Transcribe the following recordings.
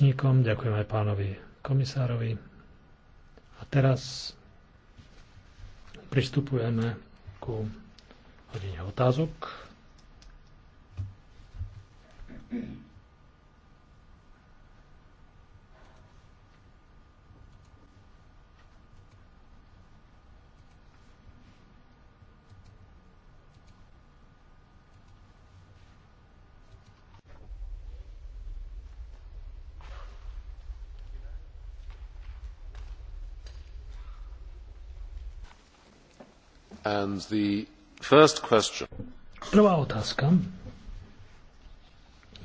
rečníkom, ďakujem aj pánovi komisárovi. A teraz pristupujeme ku hodine otázok. Thank you. Prvá otázka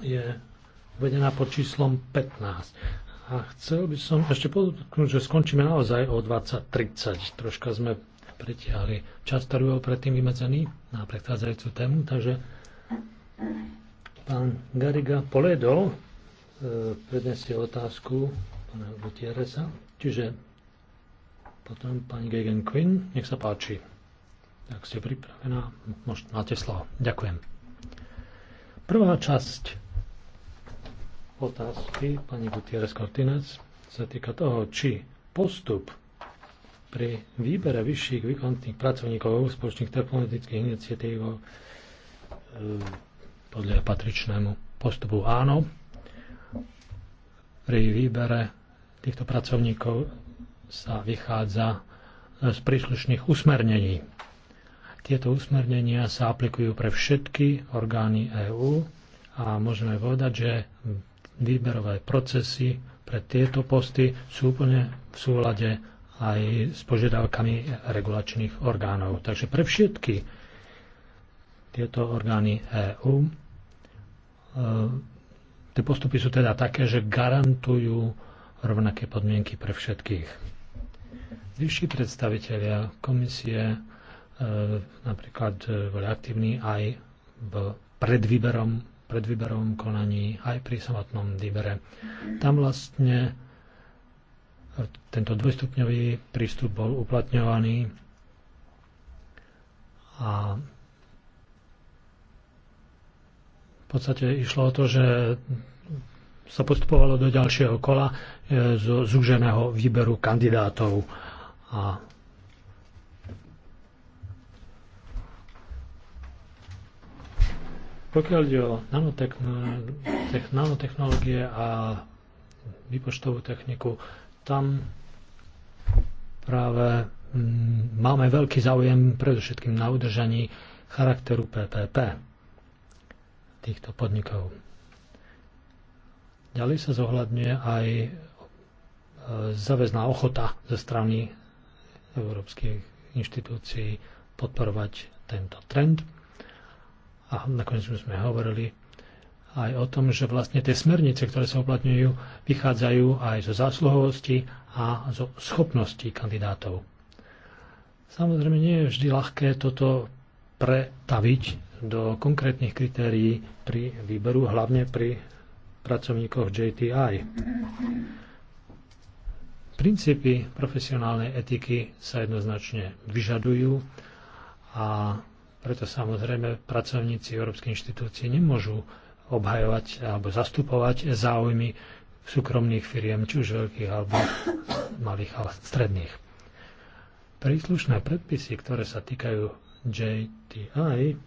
je uvedená pod číslom 15. A chcel by som ešte podotknúť, že skončíme naozaj o 20.30. Troška sme pritiahli čas, ktorý bol predtým vymedzený na predchádzajúcu tému, takže pán Gariga Poledo e, predniesie otázku pána Gutierreza, čiže potom pani Gegen Quinn, nech sa páči. Tak ste pripravená, môžete, máte slovo. Ďakujem. Prvá časť otázky pani Gutierrez Cortinec sa týka toho, či postup pri výbere vyšších výkonných pracovníkov spoločných technologických iniciatív eh, podľa patričnému postupu áno. Pri výbere týchto pracovníkov sa vychádza z príslušných usmernení tieto usmernenia sa aplikujú pre všetky orgány EÚ a môžeme povedať, že výberové procesy pre tieto posty sú úplne v súlade aj s požiadavkami regulačných orgánov. Takže pre všetky tieto orgány EÚ e, tie postupy sú teda také, že garantujú rovnaké podmienky pre všetkých. Vyšší predstavitelia komisie E, napríklad e, boli aktívni aj v predvýberom, predvýberom konaní, aj pri samotnom výbere. Tam vlastne e, tento dvojstupňový prístup bol uplatňovaný a v podstate išlo o to, že sa postupovalo do ďalšieho kola zo zúženého výberu kandidátov a Pokiaľ ide o nanotechnológie a výpočtovú techniku, tam práve mm, máme veľký záujem predovšetkým na udržaní charakteru PPP týchto podnikov. Ďalej sa zohľadňuje aj e, záväzná ochota ze strany európskych inštitúcií podporovať tento trend a nakoniec sme hovorili aj o tom, že vlastne tie smernice, ktoré sa uplatňujú, vychádzajú aj zo zásluhovosti a zo schopností kandidátov. Samozrejme nie je vždy ľahké toto pretaviť do konkrétnych kritérií pri výberu, hlavne pri pracovníkoch JTI. Princípy profesionálnej etiky sa jednoznačne vyžadujú a preto samozrejme pracovníci Európskej inštitúcie nemôžu obhajovať alebo zastupovať záujmy súkromných firiem, či už veľkých alebo malých a stredných. Príslušné predpisy, ktoré sa týkajú JTI,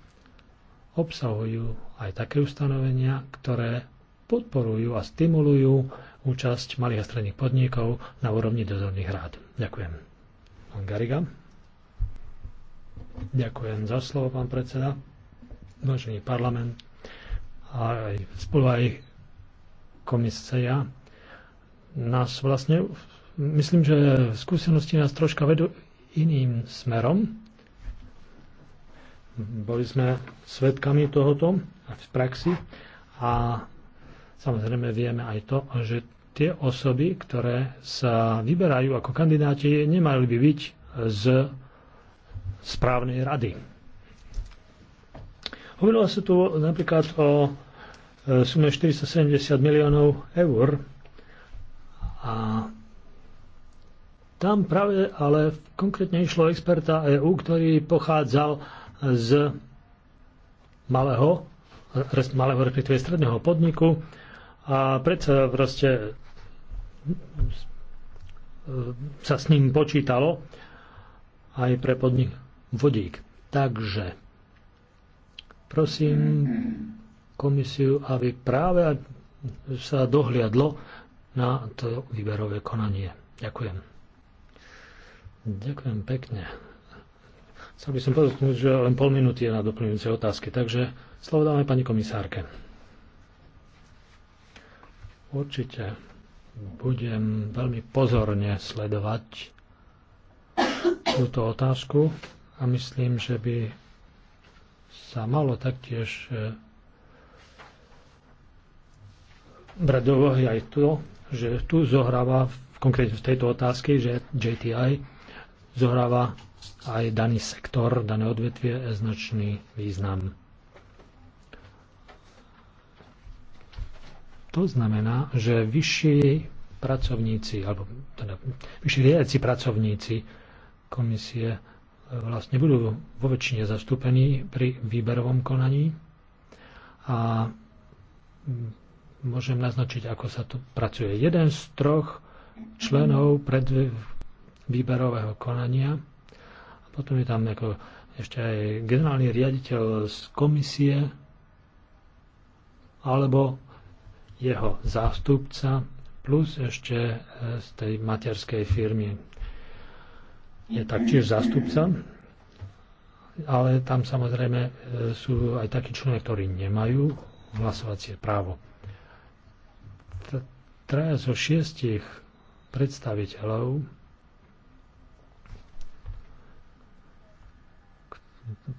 obsahujú aj také ustanovenia, ktoré podporujú a stimulujú účasť malých a stredných podnikov na úrovni dozorných rád. Ďakujem. Pán Gariga. Ďakujem za slovo, pán predseda, vážený parlament a aj spolu aj komisia. Nás vlastne, myslím, že skúsenosti nás troška vedú iným smerom. Boli sme svedkami tohoto v praxi a samozrejme vieme aj to, že tie osoby, ktoré sa vyberajú ako kandidáti, nemali by byť z správnej rady. Hovorilo sa tu napríklad o e, sume 470 miliónov eur a tam práve ale konkrétne išlo experta EU, ktorý pochádzal z malého, malého respektíve stredného podniku a predsa proste sa s ním počítalo aj pre podnik vodík. Takže prosím komisiu, aby práve sa dohliadlo na to výberové konanie. Ďakujem. Ďakujem pekne. Chcel by som podotknúť, že len pol minúty je na doplňujúce otázky, takže slovo dáme pani komisárke. Určite budem veľmi pozorne sledovať túto otázku a myslím, že by sa malo taktiež e, brať do úvahy aj to, že tu zohráva, konkrétne v tejto otázke, že JTI zohráva aj daný sektor, dané odvetvie značný význam. To znamená, že vyšší pracovníci, alebo teda vyšší riadci pracovníci komisie vlastne budú vo väčšine zastúpení pri výberovom konaní a mm, môžem naznačiť, ako sa tu pracuje. Jeden z troch členov pred výberového konania a potom je tam ako ešte aj generálny riaditeľ z komisie alebo jeho zástupca plus ešte e, z tej materskej firmy, je taktiež zástupca, ale tam samozrejme e, sú aj takí členovia, ktorí nemajú hlasovacie právo. Traja zo šiestich predstaviteľov,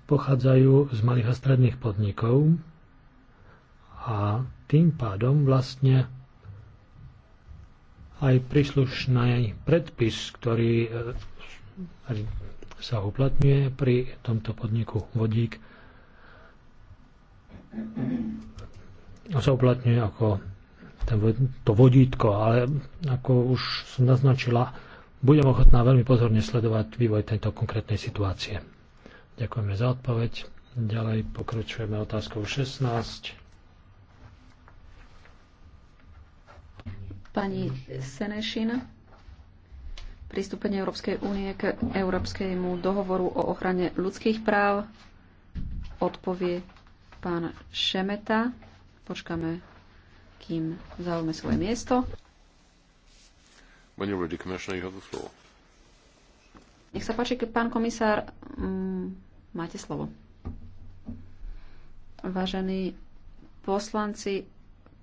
pochádzajú z malých a stredných podnikov a tým pádom vlastne aj príslušný predpis, ktorý e, sa uplatňuje pri tomto podniku vodík sa uplatňuje ako to vodítko, ale ako už som naznačila, budem ochotná veľmi pozorne sledovať vývoj tejto konkrétnej situácie. Ďakujeme za odpoveď. Ďalej pokračujeme otázkou 16. Pani Senešina pristúpenie Európskej únie k Európskejmu dohovoru o ochrane ľudských práv odpovie pán Šemeta. Počkáme, kým zaujme svoje miesto. Nech sa páči, pán komisár, mm, máte slovo. Vážení poslanci,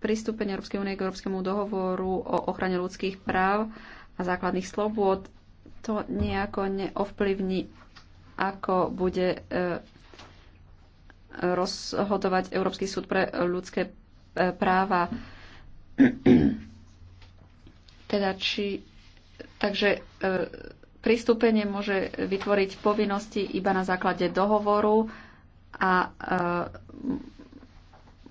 pristúpenie Európskej únie k Európskemu dohovoru o ochrane ľudských práv a základných slobôd, to nejako neovplyvní, ako bude e, rozhodovať Európsky súd pre ľudské e, práva. teda či, takže e, pristúpenie môže vytvoriť povinnosti iba na základe dohovoru a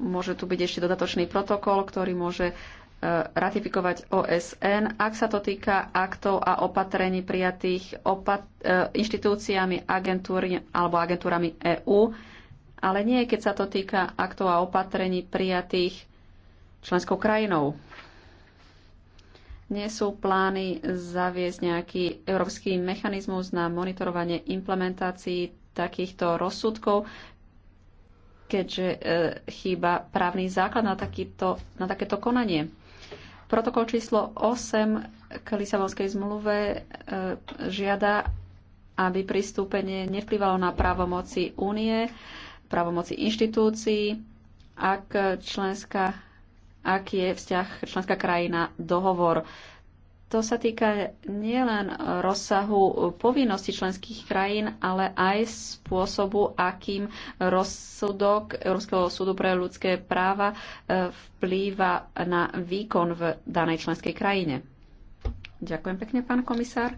môže tu byť ešte dodatočný protokol, ktorý môže ratifikovať OSN, ak sa to týka aktov a opatrení prijatých opat- e, inštitúciami, agentúry alebo agentúrami EÚ, ale nie keď sa to týka aktov a opatrení prijatých členskou krajinou. Nie sú plány zaviesť nejaký európsky mechanizmus na monitorovanie implementácií takýchto rozsudkov, keďže e, chýba právny základ na, takýto, na takéto konanie. Protokol číslo 8 k Lisabonskej zmluve e, žiada, aby pristúpenie nevplyvalo na právomoci únie, právomoci inštitúcií, ak, členská, ak je vzťah členská krajina dohovor. To sa týka nielen rozsahu povinností členských krajín, ale aj spôsobu, akým rozsudok Európskeho súdu pre ľudské práva e, vplýva na výkon v danej členskej krajine. Ďakujem pekne, pán komisár.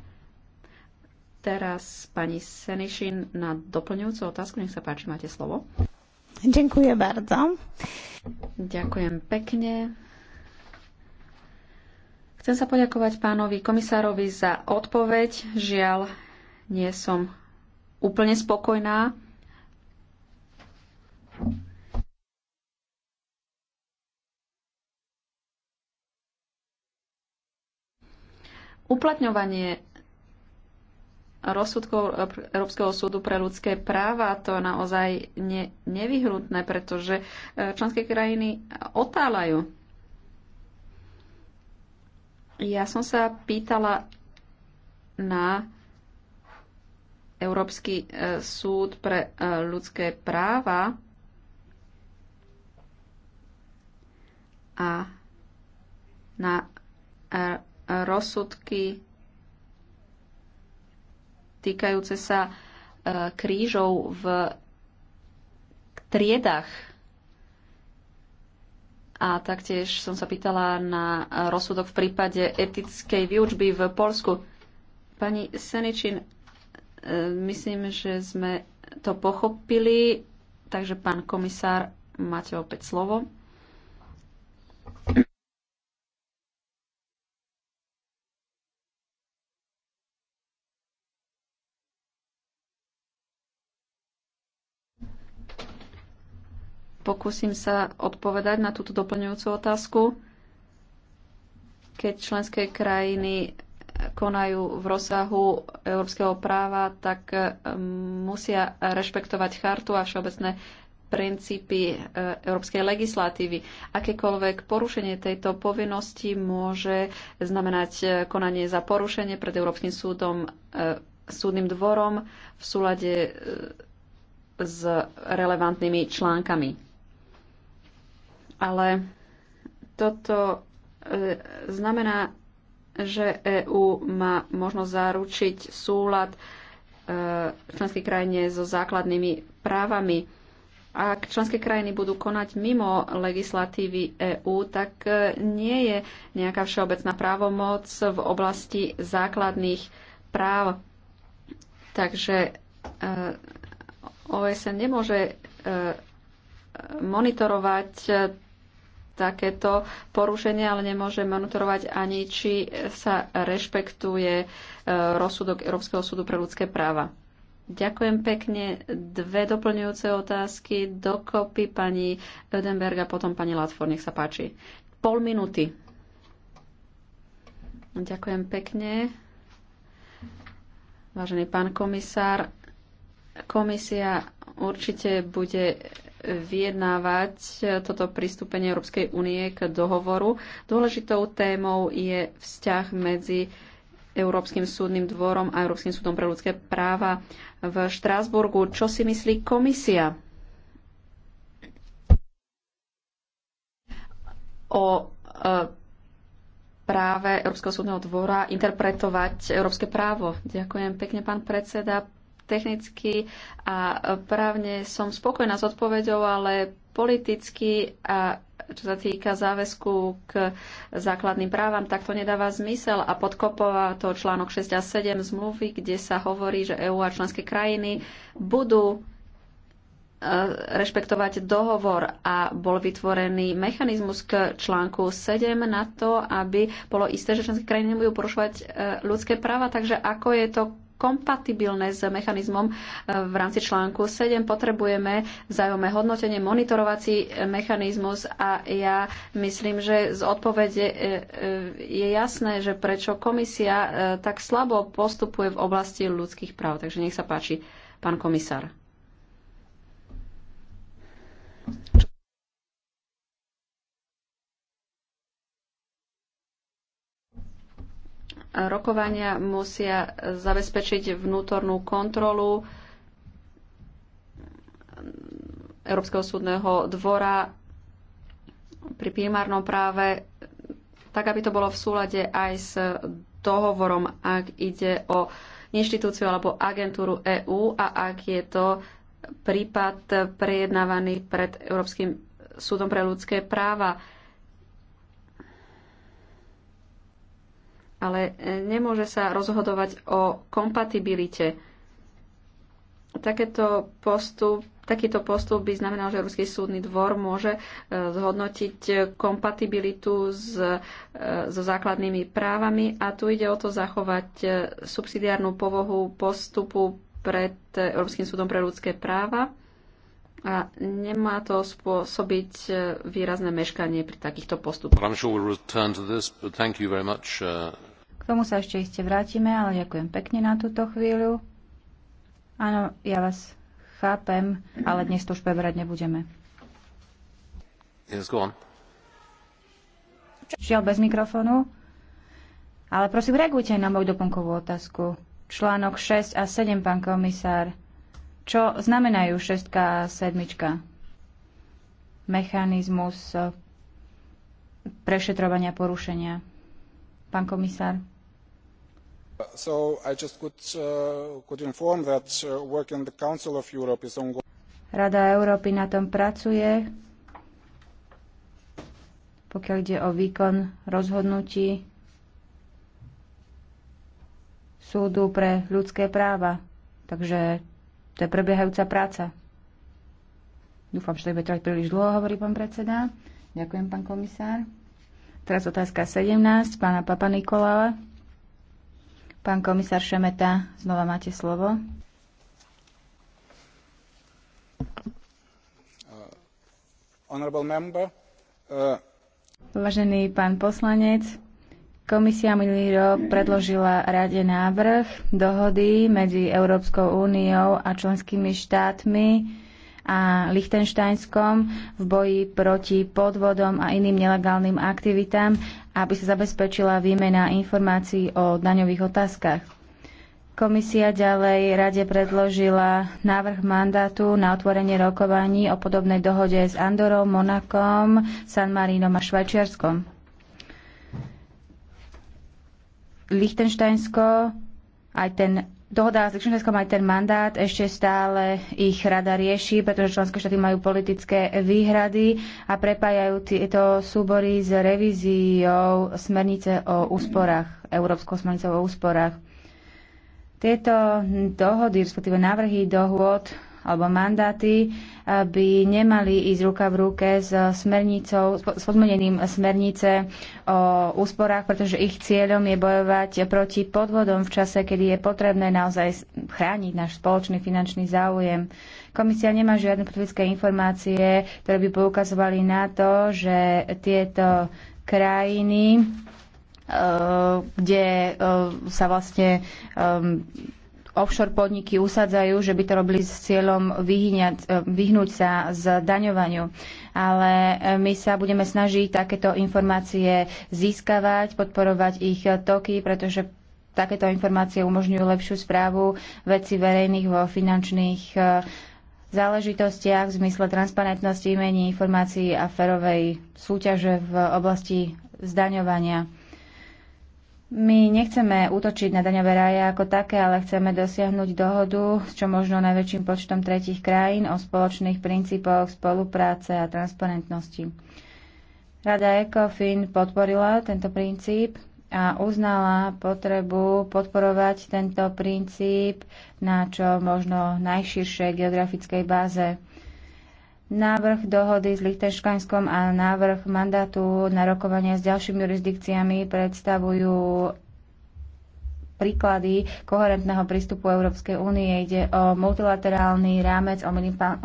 Teraz pani Senišin na doplňujúcu otázku. Nech sa páči, máte slovo. Ďakujem bardzo. Ďakujem pekne. Chcem sa poďakovať pánovi komisárovi za odpoveď. Žiaľ, nie som úplne spokojná. Uplatňovanie rozsudkov Európskeho súdu pre ľudské práva to je naozaj ne, nevyhnutné, pretože e, členské krajiny otáľajú ja som sa pýtala na Európsky e, súd pre e, ľudské práva a na e, rozsudky týkajúce sa krížov v triedách a taktiež som sa pýtala na rozsudok v prípade etickej výučby v Polsku. Pani Seničin, e, myslím, že sme to pochopili, takže pán komisár, máte opäť slovo. Pokúsim sa odpovedať na túto doplňujúcu otázku. Keď členské krajiny konajú v rozsahu európskeho práva, tak e, musia rešpektovať chartu a všeobecné princípy e, európskej legislatívy. Akékoľvek porušenie tejto povinnosti môže znamenať e, konanie za porušenie pred Európskym súdom, súdnym dvorom v súlade s relevantnými článkami ale toto e, znamená, že EÚ má možnosť zaručiť súlad e, členskej krajine so základnými právami. Ak členské krajiny budú konať mimo legislatívy EÚ, tak e, nie je nejaká všeobecná právomoc v oblasti základných práv. Takže e, OSN nemôže monitorovať takéto porušenie, ale nemôže monitorovať ani, či sa rešpektuje e, rozsudok Európskeho súdu pre ľudské práva. Ďakujem pekne. Dve doplňujúce otázky dokopy pani Ödenberg a potom pani Latfor. Nech sa páči. Pol minúty. Ďakujem pekne. Vážený pán komisár, komisia určite bude vyjednávať toto pristúpenie Európskej únie k dohovoru. Dôležitou témou je vzťah medzi Európskym súdnym dvorom a Európskym súdom pre ľudské práva v Štrásburgu. Čo si myslí komisia o e, práve Európskeho súdneho dvora interpretovať európske právo. Ďakujem pekne, pán predseda. Technicky a právne som spokojná s odpoveďou, ale politicky a čo sa týka záväzku k základným právam, tak to nedáva zmysel a podkopová to článok 6 a 7 zmluvy, kde sa hovorí, že EÚ a členské krajiny budú e, rešpektovať dohovor a bol vytvorený mechanizmus k článku 7 na to, aby bolo isté, že členské krajiny nebudú porušovať e, ľudské práva. Takže ako je to kompatibilné s mechanizmom e, v rámci článku 7. Potrebujeme vzájomné hodnotenie, monitorovací mechanizmus a ja myslím, že z odpovede e, e, je jasné, že prečo komisia tak slabo postupuje v oblasti ľudských práv. Takže nech sa páči, pán komisár. rokovania musia zabezpečiť vnútornú kontrolu Európskeho súdneho dvora pri primárnom práve, tak aby to bolo v súlade aj s dohovorom, ak ide o inštitúciu alebo agentúru EÚ a ak je to prípad prejednávaný pred Európskym súdom pre ľudské práva. ale e, nemôže sa rozhodovať o kompatibilite. Takéto postup, takýto postup by znamenal, že Ruský súdny dvor môže e, zhodnotiť kompatibilitu s, e, so základnými právami a tu ide o to zachovať subsidiárnu povohu postupu pred Európskym súdom pre ľudské práva a nemá to spôsobiť e, výrazné meškanie pri takýchto postupoch. Uh, K tomu sa ešte iste vrátime, ale ďakujem pekne na túto chvíľu. Áno, ja vás chápem, ale dnes to už preberať nebudeme. Yes, go on. bez mikrofónu. Ale prosím, reagujte na moju doplnkovú otázku. Článok 6 a 7, pán komisár. Čo znamenajú šestka a sedmička? Mechanizmus eh, prešetrovania porušenia. Pán komisár. So I just could, uh, could inform that eh, work in the Council of Europe is Rada Európy na tom pracuje, pokiaľ ide o výkon rozhodnutí súdu pre ľudské práva. Takže to je prebiehajúca práca. Dúfam, že to bude trvať príliš dlho, hovorí pán predseda. Ďakujem, pán komisár. Teraz otázka 17, pána Papa Nikoláva. Pán komisár Šemeta, znova máte slovo. Uh, member, uh... Vážený pán poslanec, Komisia minulý rok predložila rade návrh dohody medzi Európskou úniou a členskými štátmi a Lichtensteinskom v boji proti podvodom a iným nelegálnym aktivitám, aby sa zabezpečila výmena informácií o daňových otázkach. Komisia ďalej rade predložila návrh mandátu na otvorenie rokovaní o podobnej dohode s Andorou, Monakom, San Marínom a Švajčiarskom. Lichtensteinsko, aj ten dohoda s Lichtensteinskom, aj ten mandát ešte stále ich rada rieši, pretože členské štáty majú politické výhrady a prepájajú tieto súbory s revíziou smernice o úsporách, Európskou smernicou o úsporách. Tieto dohody, respektíve návrhy dohôd alebo mandáty by nemali ísť ruka v ruke s smernicou, s podmenením smernice o úsporách, pretože ich cieľom je bojovať proti podvodom v čase, kedy je potrebné naozaj chrániť náš spoločný finančný záujem. Komisia nemá žiadne politické informácie, ktoré by poukazovali na to, že tieto krajiny e, kde e, sa vlastne e, offshore podniky usadzajú, že by to robili s cieľom vyhyňať, e, vyhnúť sa z daňovaniu. Ale e, my sa budeme snažiť takéto informácie získavať, podporovať ich toky, pretože takéto informácie umožňujú lepšiu správu veci verejných vo finančných e, záležitostiach v zmysle transparentnosti, imení informácií a ferovej súťaže v oblasti zdaňovania. My nechceme útočiť na daňové ráje ako také, ale chceme dosiahnuť dohodu s čo možno najväčším počtom tretich krajín o spoločných princípoch spolupráce a transparentnosti. Rada ECOFIN podporila tento princíp a uznala potrebu podporovať tento princíp na čo možno najširšej geografickej báze návrh dohody s Lichtenštajnskom a návrh mandátu na rokovania s ďalšími jurisdikciami predstavujú príklady koherentného prístupu Európskej únie. Ide o multilaterálny rámec, o,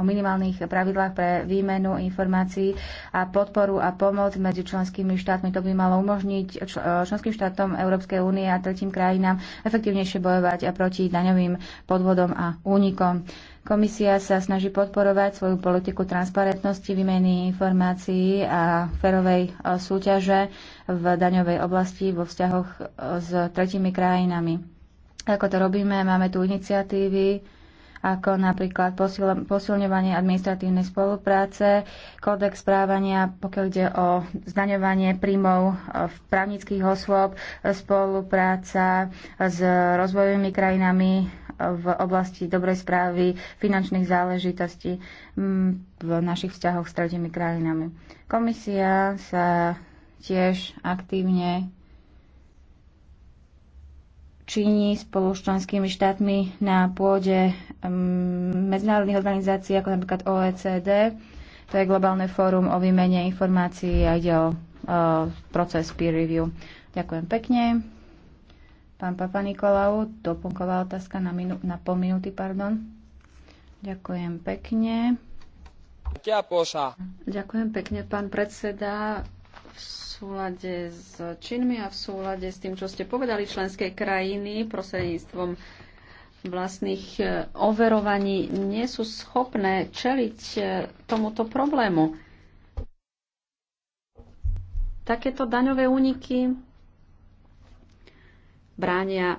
minimálnych pravidlách pre výmenu informácií a podporu a pomoc medzi členskými štátmi. To by malo umožniť e, členským štátom Európskej únie a tretím krajinám efektívnejšie bojovať proti daňovým podvodom a únikom. Komisia sa snaží podporovať svoju politiku transparentnosti, výmeny informácií a ferovej e, súťaže v daňovej oblasti vo vzťahoch e, s tretimi krajinami. Ako to robíme, máme tu iniciatívy, ako napríklad posil, posilňovanie administratívnej spolupráce, kódex správania, pokiaľ ide o zdaňovanie príjmov e, v právnických osôb, spolupráca s rozvojovými krajinami, v oblasti dobrej správy finančných záležitostí mm, v našich vzťahoch s tretimi krajinami. Komisia sa tiež aktívne činí spolu s členskými štátmi na pôde mm, medzinárodných organizácií, ako napríklad OECD. To je globálne fórum o výmene informácií a ide o proces peer review. Ďakujem pekne. Pán Papa Nikolau, doplnková otázka na, minu- na pol minúty, pardon. Ďakujem pekne. Ďakujem pekne, pán predseda. V súlade s činmi a v súlade s tým, čo ste povedali, členské krajiny prostredníctvom vlastných e, overovaní nie sú schopné čeliť e, tomuto problému. Takéto daňové úniky bránia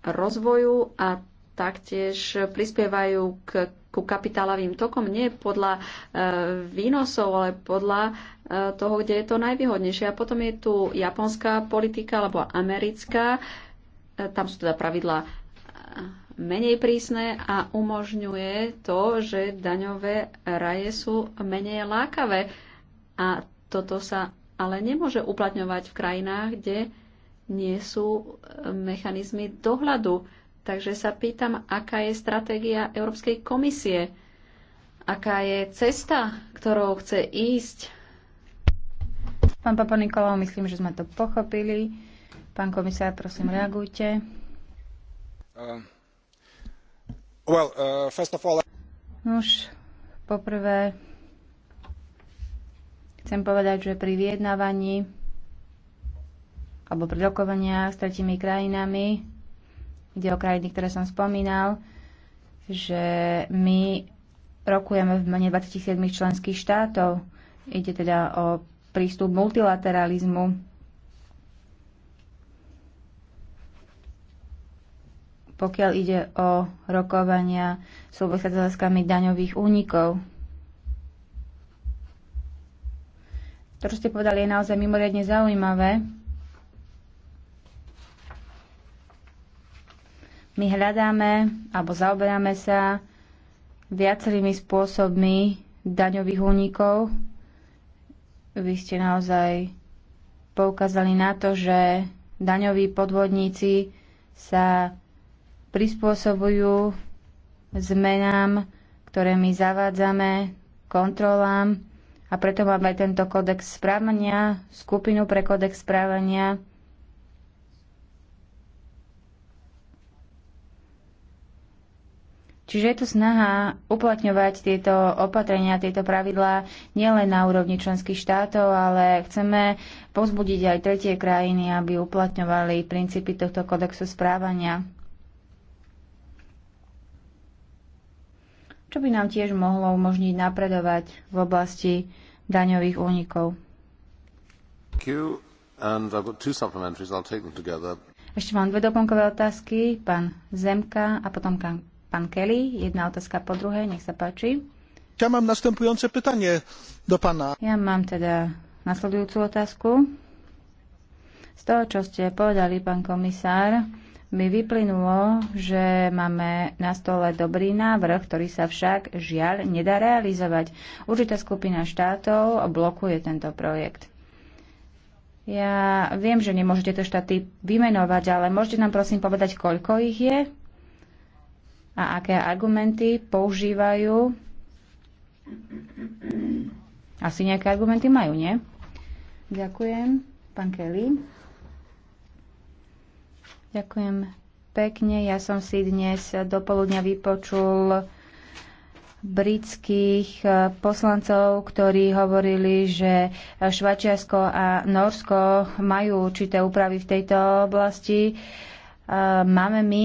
rozvoju a taktiež prispievajú k, ku kapitálovým tokom nie podľa e, výnosov, ale podľa e, toho, kde je to najvýhodnejšie. A potom je tu japonská politika alebo americká. E, tam sú teda pravidlá e, menej prísne a umožňuje to, že daňové raje sú menej lákavé. A toto sa ale nemôže uplatňovať v krajinách, kde nie sú e, mechanizmy dohľadu. Takže sa pýtam, aká je stratégia Európskej komisie, aká je cesta, ktorou chce ísť. Pán Papa Nikolov, myslím, že sme to pochopili. Pán komisár, prosím, reagujte. Uh, well, uh, first of all... Už poprvé chcem povedať, že pri vyjednávaní alebo pri rokovania s tretimi krajinami, ide o krajiny, ktoré som spomínal, že my rokujeme v mene 27 členských štátov. Ide teda o prístup multilateralizmu. pokiaľ ide o rokovania súvisia s otázkami daňových únikov. To, čo ste povedali, je naozaj mimoriadne zaujímavé. My hľadáme alebo zaoberáme sa viacerými spôsobmi daňových únikov. Vy ste naozaj poukázali na to, že daňoví podvodníci sa prispôsobujú zmenám, ktoré my zavádzame, kontrolám a preto máme tento kódex správania, skupinu pre kódex správania, Čiže je tu snaha uplatňovať tieto opatrenia, tieto pravidlá nielen na úrovni členských štátov, ale chceme pozbudiť aj tretie krajiny, aby uplatňovali princípy tohto kodexu správania. Čo by nám tiež mohlo umožniť napredovať v oblasti daňových únikov. Ešte mám dve doplnkové otázky, pán Zemka a potom pán Pán Kelly, jedna otázka po druhej, nech sa páči. Ja mám następujące pytanie do pana. Ja mám teda nasledujúcu otázku. Z toho, čo ste povedali, pán komisár, mi vyplynulo, že máme na stole dobrý návrh, ktorý sa však žiaľ nedá realizovať. Určitá skupina štátov blokuje tento projekt. Ja viem, že nemôžete to štáty vymenovať, ale môžete nám prosím povedať, koľko ich je? a aké argumenty používajú. Asi nejaké argumenty majú, nie? Ďakujem, pán Kelly. Ďakujem pekne. Ja som si dnes dopoludňa vypočul britských eh, poslancov, ktorí hovorili, že Švačiarsko a Norsko majú určité úpravy v tejto oblasti. Uh, Eh, máme my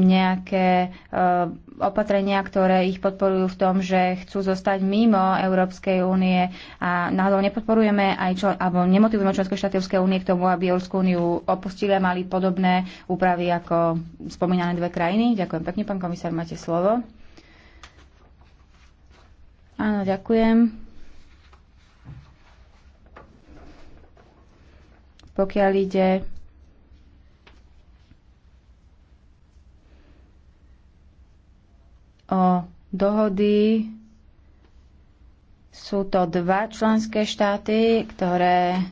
nejaké eh, opatrenia, ktoré ich podporujú v tom, že chcú zostať mimo Európskej únie a náhodou nepodporujeme aj čo, alebo nemotivujeme členské štáty Európskej únie k tomu, aby Európsku úniu opustili a mali podobné úpravy ako spomínané dve krajiny. Ďakujem pekne, pán komisár, máte slovo. Áno, ďakujem. Pokiaľ ide o dohody. Sú to dva členské štáty, ktoré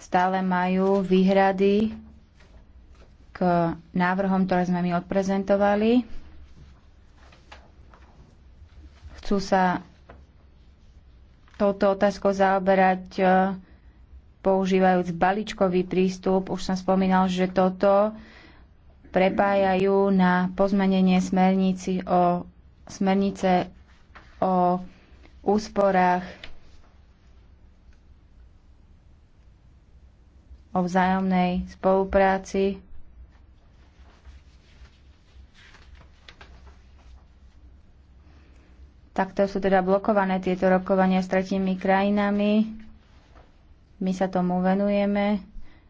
stále majú výhrady k návrhom, ktoré sme my odprezentovali. Chcú sa touto otázkou zaoberať e, používajúc balíčkový prístup. Už som spomínal, že toto prepájajú na pozmenenie smernici o smernice o úsporách, o vzájomnej spolupráci. Takto sú teda blokované tieto rokovania s tretími krajinami. My sa tomu venujeme.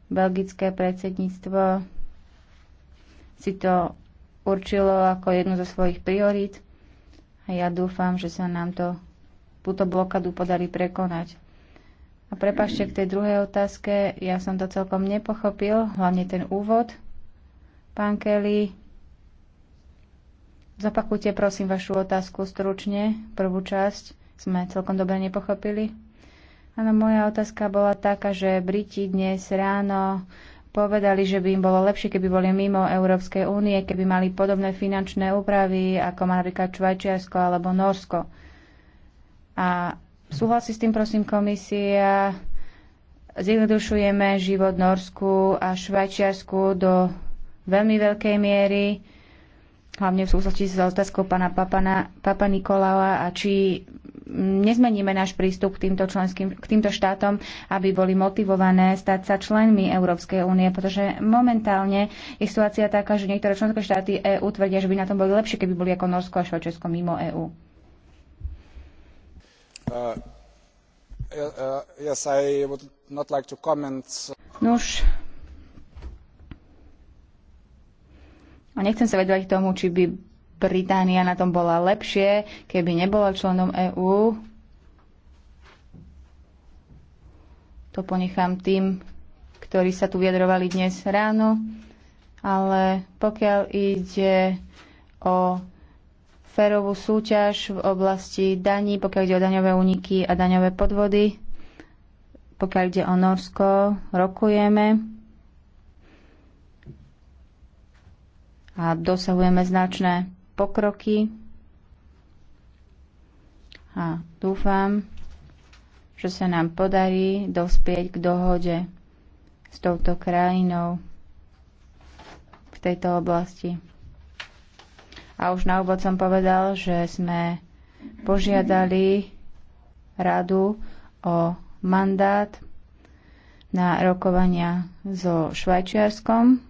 Belgické predsedníctvo si to určilo ako jednu zo svojich priorít. A ja dúfam, že sa nám to, túto blokadu podarí prekonať. A prepašte k tej druhej otázke, ja som to celkom nepochopil, hlavne ten úvod. Pán Kelly, zopakujte prosím vašu otázku stručne, prvú časť sme celkom dobre nepochopili. Áno, moja otázka bola taká, že Briti dnes ráno povedali, že by im bolo lepšie, keby boli mimo Európskej únie, keby mali podobné finančné úpravy, ako má napríklad Švajčiarsko alebo Norsko. A súhlasí s tým, prosím, komisia. Zjednodušujeme život Norsku a Švajčiarsku do veľmi veľkej miery, hlavne v súvislosti s otázkou pána Papa, Papa Nikolaua a či nezmeníme náš prístup k týmto, členským, k týmto štátom, aby boli motivované stať sa členmi Európskej únie, pretože momentálne je situácia taká, že niektoré členské štáty EÚ tvrdia, že by na tom boli lepšie, keby boli ako Norsko a Švajčiarsko mimo EÚ. Uh, uh, yes, I would not like to comment. Nuž, a nechcem sa vedovať k tomu, či by Británia na tom bola lepšie, keby nebola členom EÚ. To ponechám tým, ktorí sa tu vyjadrovali dnes ráno. Ale pokiaľ ide o férovú súťaž v oblasti daní, pokiaľ ide o daňové úniky a daňové podvody, pokiaľ ide o Norsko, rokujeme. a dosahujeme značné pokroky a dúfam, že sa nám podarí dospieť k dohode s touto krajinou v tejto oblasti. A už na úvod som povedal, že sme požiadali radu o mandát na rokovania so Švajčiarskom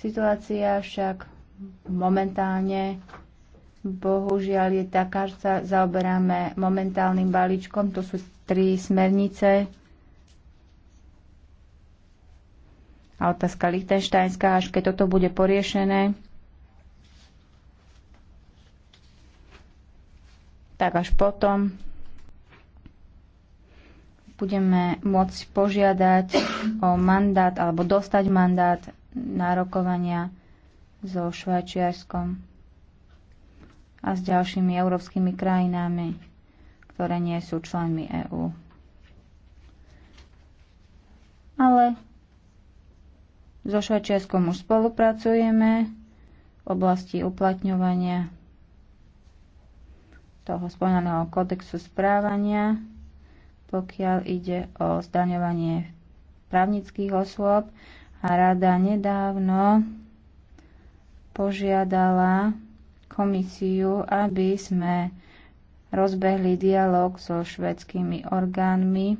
Situácia však momentálne bohužiaľ je taká, že sa zaoberáme momentálnym balíčkom. To sú tri smernice. A otázka Lichtensteinská, až keď toto bude poriešené, tak až potom budeme môcť požiadať o mandát alebo dostať mandát nárokovania so Švajčiarskom a s ďalšími európskymi krajinami, ktoré nie sú členmi EÚ. Ale so Švajčiarskom už spolupracujeme v oblasti uplatňovania toho spomínaného kodexu správania, pokiaľ ide o zdaňovanie právnických osôb a Rada nedávno požiadala komisiu, aby sme rozbehli dialog so švedskými orgánmi,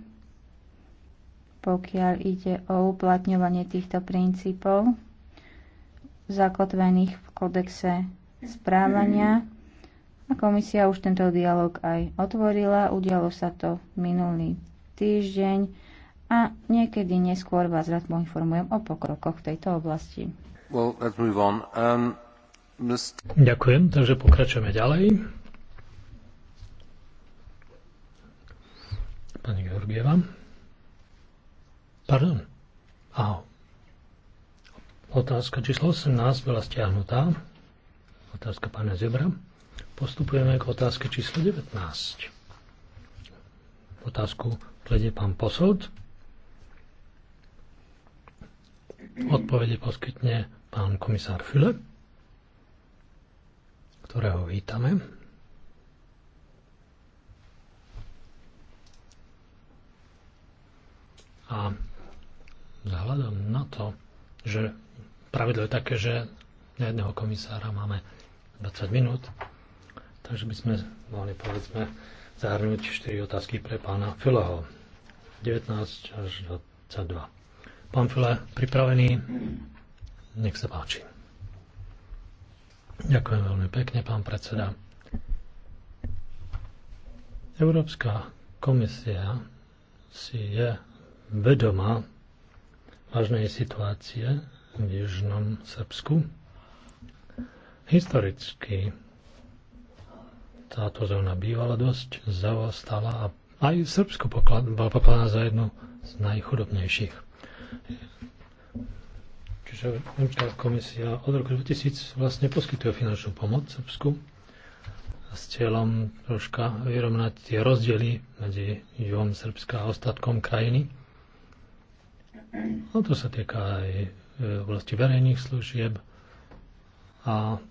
pokiaľ ide o uplatňovanie týchto princípov zakotvených v kodexe správania. A komisia už tento dialog aj otvorila. Udialo sa to minulý týždeň a niekedy neskôr vás rád poinformujem o pokrokoch v tejto oblasti. Well, let's move on. Um, Ďakujem, takže pokračujeme ďalej. Pani Georgieva. Pardon. Aho. Otázka číslo 18 bola stiahnutá. Otázka pána Zebra. Postupujeme k otázke číslo 19. Otázku kladie pán posod. Odpovede poskytne pán komisár File, ktorého vítame. A vzhľadom na to, že pravidlo je také, že na jedného komisára máme 20 minút, takže by sme mohli povedzme zahrnúť 4 otázky pre pána Filoho. 19 až 22. Pán File, pripravený? Nech sa páči. Ďakujem veľmi pekne, pán predseda. Európska komisia si je vedoma vážnej situácie v Južnom Srbsku. Historicky táto zóna bývala dosť zaostala a aj Srbsko pokladá za jednu z najchudobnejších. Čiže Európska komisia od roku 2000 vlastne poskytuje finančnú pomoc Srbsku s cieľom troška vyrovnať tie rozdiely medzi juhom Srbska a ostatkom krajiny. A no, to sa týka aj e, oblasti verejných služieb a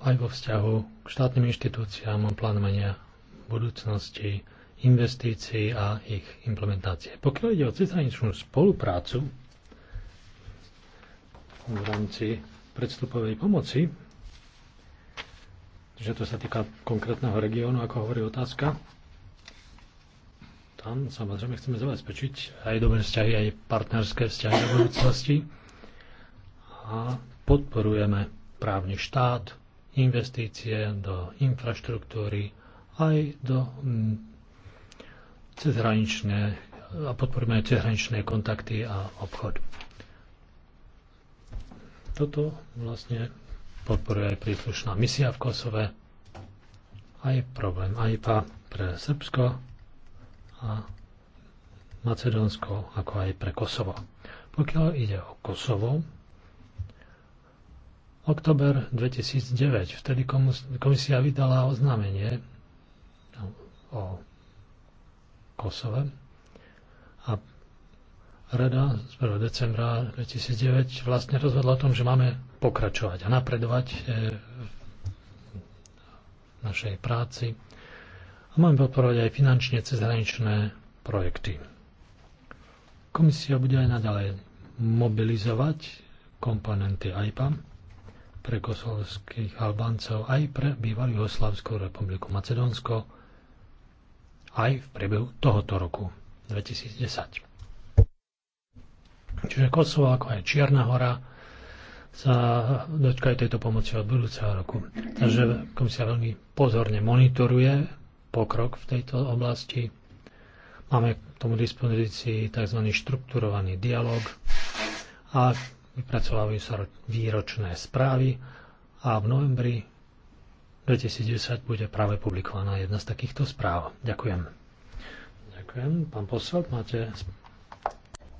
aj vo vzťahu k štátnym inštitúciám a plánovania budúcnosti investícií a ich implementácie. Pokiaľ ide o cezhraničnú spoluprácu v rámci predstupovej pomoci, že to sa týka konkrétneho regiónu, ako hovorí otázka, tam samozrejme chceme zabezpečiť aj dobré vzťahy, aj partnerské vzťahy do budúcnosti a podporujeme právny štát, investície do infraštruktúry, aj do cezhraničné a podporujeme cezhraničné kontakty a obchod. Toto vlastne podporuje aj príslušná misia v Kosove, aj problém AIPA pre Srbsko a Macedónsko, ako aj pre Kosovo. Pokiaľ ide o Kosovo, oktober 2009, vtedy komisia vydala oznámenie o Kosove. A Rada z 1. decembra 2009 vlastne rozhodla o tom, že máme pokračovať a napredovať eh, v našej práci a máme podporovať aj finančne cezhraničné projekty. Komisia bude aj naďalej mobilizovať komponenty AIPA pre kosovských Albáncov aj pre bývalú Jugoslavskú republiku Macedónsko aj v priebehu tohoto roku 2010. Čiže Kosovo, ako aj Čierna hora, sa dočkajú tejto pomoci od budúceho roku. Takže komisia veľmi pozorne monitoruje pokrok v tejto oblasti. Máme k tomu dispozícii tzv. štrukturovaný dialog a vypracovávajú sa výročné správy a v novembri 2010 bude práve publikovaná jedna z takýchto správ. Ďakujem. Ďakujem. Pán posol, máte...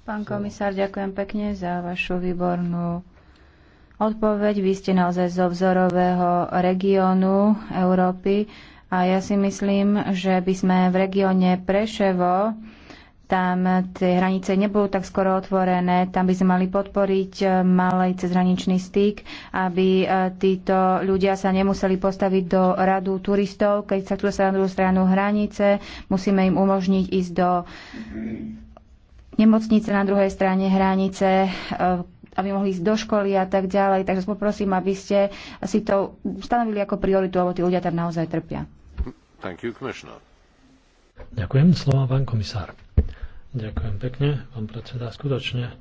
Pán komisár, ďakujem pekne za vašu výbornú odpoveď. Vy ste naozaj zo vzorového regiónu Európy a ja si myslím, že by sme v regióne Preševo tam tie hranice nebudú tak skoro otvorené, tam by sme mali podporiť eh, malej cezhraničný styk, aby eh, títo ľudia sa nemuseli postaviť do radu turistov, keď sa tu sa na druhú stranu hranice, musíme im umožniť ísť do nemocnice na druhej strane hranice, eh, aby mohli ísť do školy a tak ďalej. Takže poprosím, aby ste si to stanovili ako prioritu, lebo tí ľudia tam naozaj trpia. Thank you, Ďakujem. Slova pán komisár. Ďakujem pekne, pán predseda. Skutočne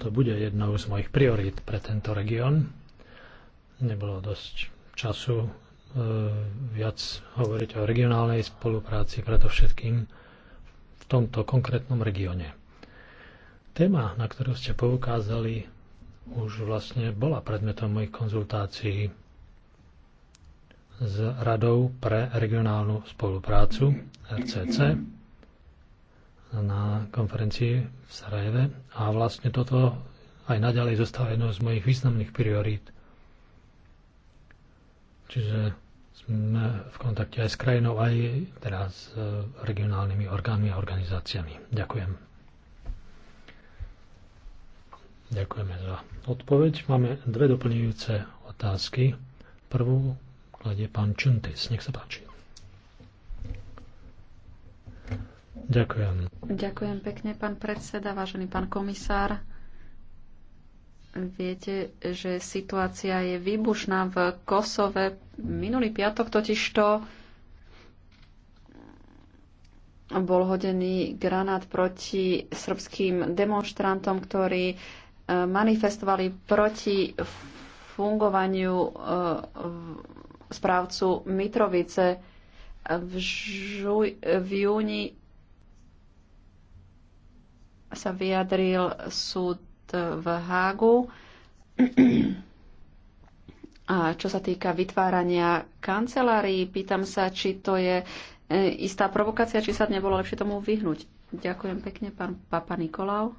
to bude jednou z mojich priorít pre tento región. Nebolo dosť času e, viac hovoriť o regionálnej spolupráci, predovšetkým v tomto konkrétnom regióne. Téma, na ktorú ste poukázali, už vlastne bola predmetom mojich konzultácií s Radou pre regionálnu spoluprácu RCC na konferencii v Sarajeve a vlastne toto aj naďalej zostáva jednou z mojich významných priorít. Čiže sme v kontakte aj s krajinou, aj teraz s e, regionálnymi orgánmi a organizáciami. Ďakujem. Ďakujeme za odpoveď. Máme dve doplňujúce otázky. Prvú kladie pán Čuntis. Nech sa páči. Ďakujem. Ďakujem pekne, pán predseda, vážený pán komisár. Viete, že situácia je výbušná v Kosove. Minulý piatok totižto bol hodený granát proti srbským demonstrantom, ktorí e, manifestovali proti fungovaniu e, správcu Mitrovice. V, žuj, v júni sa vyjadril súd v Hágu. A čo sa týka vytvárania kancelárií, pýtam sa, či to je e, istá provokácia, či sa nebolo lepšie tomu vyhnúť. Ďakujem pekne, pán Papa Nikolau.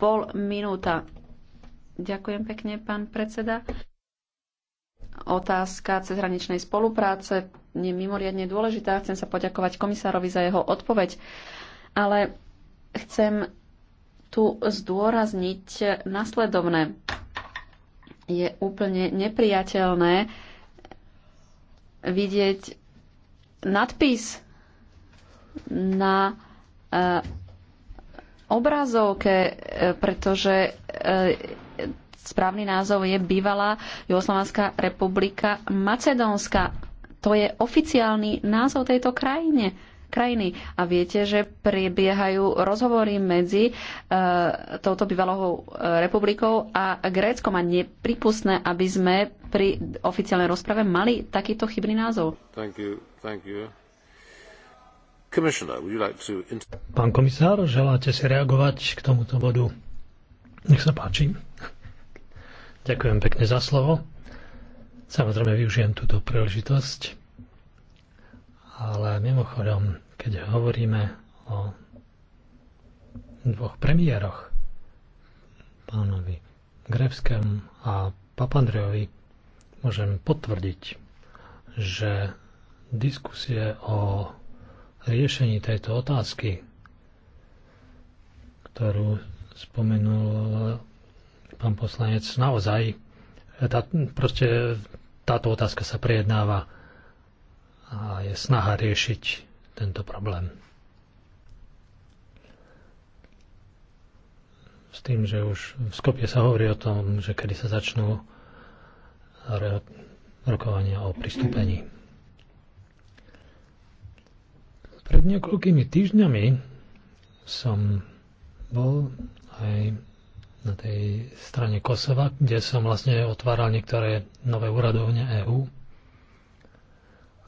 Pol minúta. Ďakujem pekne, pán predseda. Otázka cezhraničnej spolupráce je mimoriadne dôležitá. Chcem sa poďakovať komisárovi za jeho odpoveď. Ale chcem tu zdôrazniť nasledovné. Je úplne nepriateľné vidieť nadpis na e, obrazovke, e, pretože e, správny názov je bývalá Jugoslovanská republika Macedónska. To je oficiálny názov tejto krajine krajiny. A viete, že prebiehajú rozhovory medzi e, touto bývalou e, republikou a Gréckom a nepripustné, aby sme pri oficiálnej rozprave mali takýto chybný názov. Thank you. Thank you. Pán komisár, želáte si reagovať k tomuto bodu? Nech sa páči. Ďakujem pekne za slovo. Samozrejme využijem túto príležitosť ale mimochodom, keď hovoríme o dvoch premiéroch, pánovi Grevskému a Papandrejovi, môžem potvrdiť, že diskusie o riešení tejto otázky, ktorú spomenul pán poslanec, naozaj e, tá, proste táto otázka sa prejednáva a je snaha riešiť tento problém. S tým, že už v Skopie sa hovorí o tom, že kedy sa začnú rokovania o pristúpení. Pred niekoľkými týždňami som bol aj na tej strane Kosova, kde som vlastne otváral niektoré nové úradovne EÚ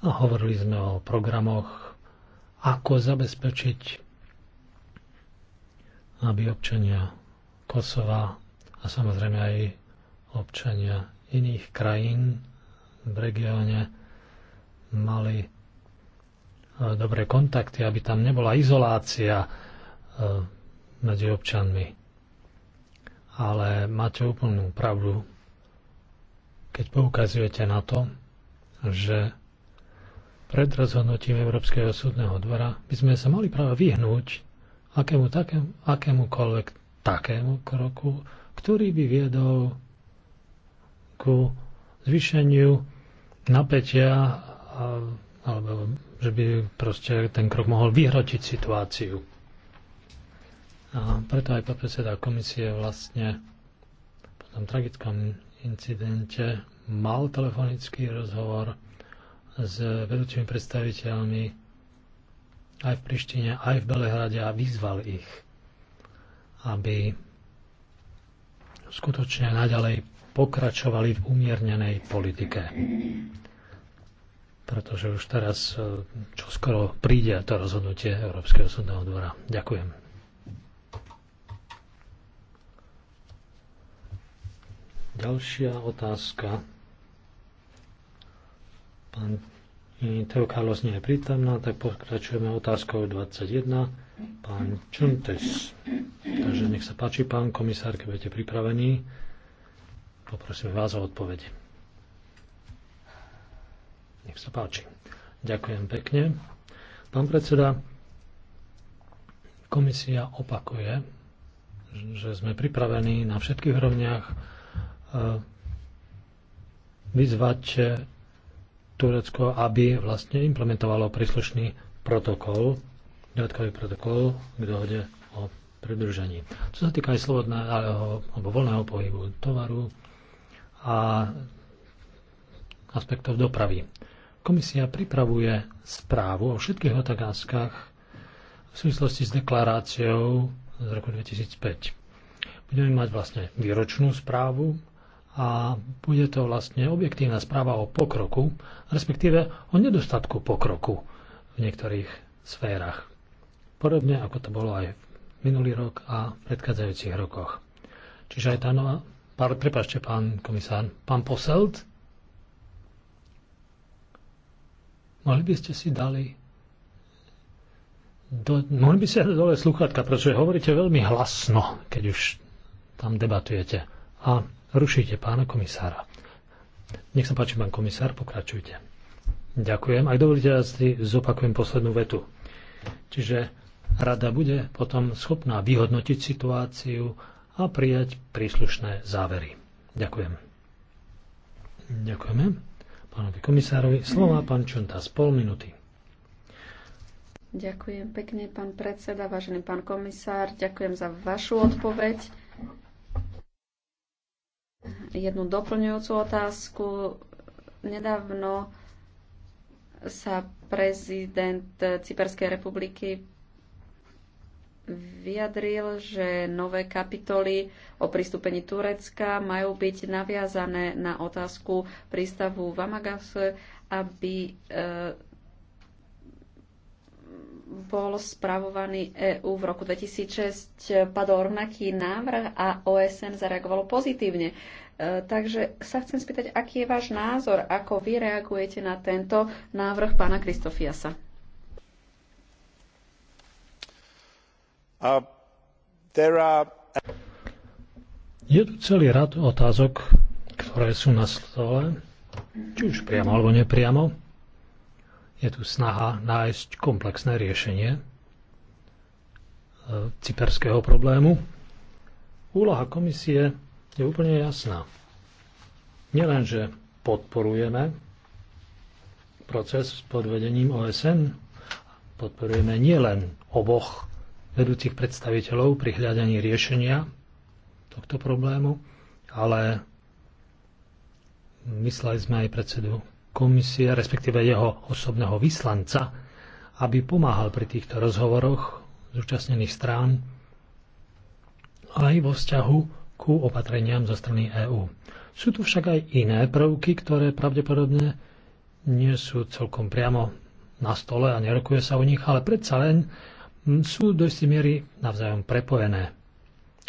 a hovorili sme o programoch, ako zabezpečiť, aby občania Kosova a samozrejme aj občania iných krajín v regióne mali e, dobré kontakty, aby tam nebola izolácia e, medzi občanmi. Ale máte úplnú pravdu, keď poukazujete na to, že pred rozhodnutím Európskeho súdneho dvora by sme sa mali práve vyhnúť akému takému, akémukoľvek takému kroku, ktorý by viedol ku zvýšeniu napätia alebo že by proste ten krok mohol vyhrotiť situáciu. A preto aj podpredseda komisie vlastne po tom tragickom incidente mal telefonický rozhovor s vedúcimi predstaviteľmi aj v Prištine, aj v Belehrade a vyzval ich, aby skutočne naďalej pokračovali v umiernenej politike. Pretože už teraz, e, čo skoro príde to rozhodnutie Európskeho súdneho dvora. Ďakujem. Ďalšia otázka Pán Teokálos nie je prítomná, tak pokračujeme otázkou 21. Pán Čuntes. Takže nech sa páči, pán komisár, keď budete pripravení, poprosím vás o odpovede. Nech sa páči. Ďakujem pekne. Pán predseda, komisia opakuje, že sme pripravení na všetkých rovniach eh, vyzvať Turecko, aby vlastne implementovalo príslušný protokol, dodatkový protokol k dohode o pridružení. Čo sa týka aj slobodného alebo voľného pohybu tovaru a aspektov dopravy. Komisia pripravuje správu o všetkých otázkach v súvislosti s deklaráciou z roku 2005. Budeme mať vlastne výročnú správu a bude to vlastne objektívna správa o pokroku, respektíve o nedostatku pokroku v niektorých sférach. Podobne ako to bolo aj minulý rok a v predchádzajúcich rokoch. Čiže aj tá nová... Pár, prepáčte, pán komisár, pán Poselt, mohli by ste si dali do, mohli by ste dole sluchátka, pretože hovoríte veľmi hlasno, keď už tam debatujete. A rušíte pána komisára. Nech sa páči, pán komisár, pokračujte. Ďakujem. Ak dovolíte, ja si zopakujem poslednú vetu. Čiže rada bude potom schopná vyhodnotiť situáciu a prijať príslušné závery. Ďakujem. Ďakujeme pánovi komisárovi. Slova pán Čunta z pol minúty. Ďakujem pekne, pán predseda, vážený pán komisár. Ďakujem za vašu odpoveď jednu doplňujúcu otázku. Nedávno sa prezident Cyperskej republiky vyjadril, že nové kapitoly o pristúpení Turecka majú byť naviazané na otázku prístavu v aby e, bol spravovaný EÚ v roku 2006, padol rovnaký návrh a OSN zareagovalo pozitívne. E, takže sa chcem spýtať, aký je váš názor, ako vy reagujete na tento návrh pána Kristofiasa? Je tu celý rad otázok, ktoré sú na stole, či už priamo alebo nepriamo je tu snaha nájsť komplexné riešenie e, cyperského problému. Úloha komisie je úplne jasná. Nielenže podporujeme proces pod vedením OSN, podporujeme nielen oboch vedúcich predstaviteľov pri hľadaní riešenia tohto problému, ale mysleli sme aj predsedu komisie, respektíve jeho osobného vyslanca, aby pomáhal pri týchto rozhovoroch zúčastnených strán aj vo vzťahu ku opatreniam zo strany EÚ. Sú tu však aj iné prvky, ktoré pravdepodobne nie sú celkom priamo na stole a nerokuje sa o nich, ale predsa len sú do istej miery navzájom prepojené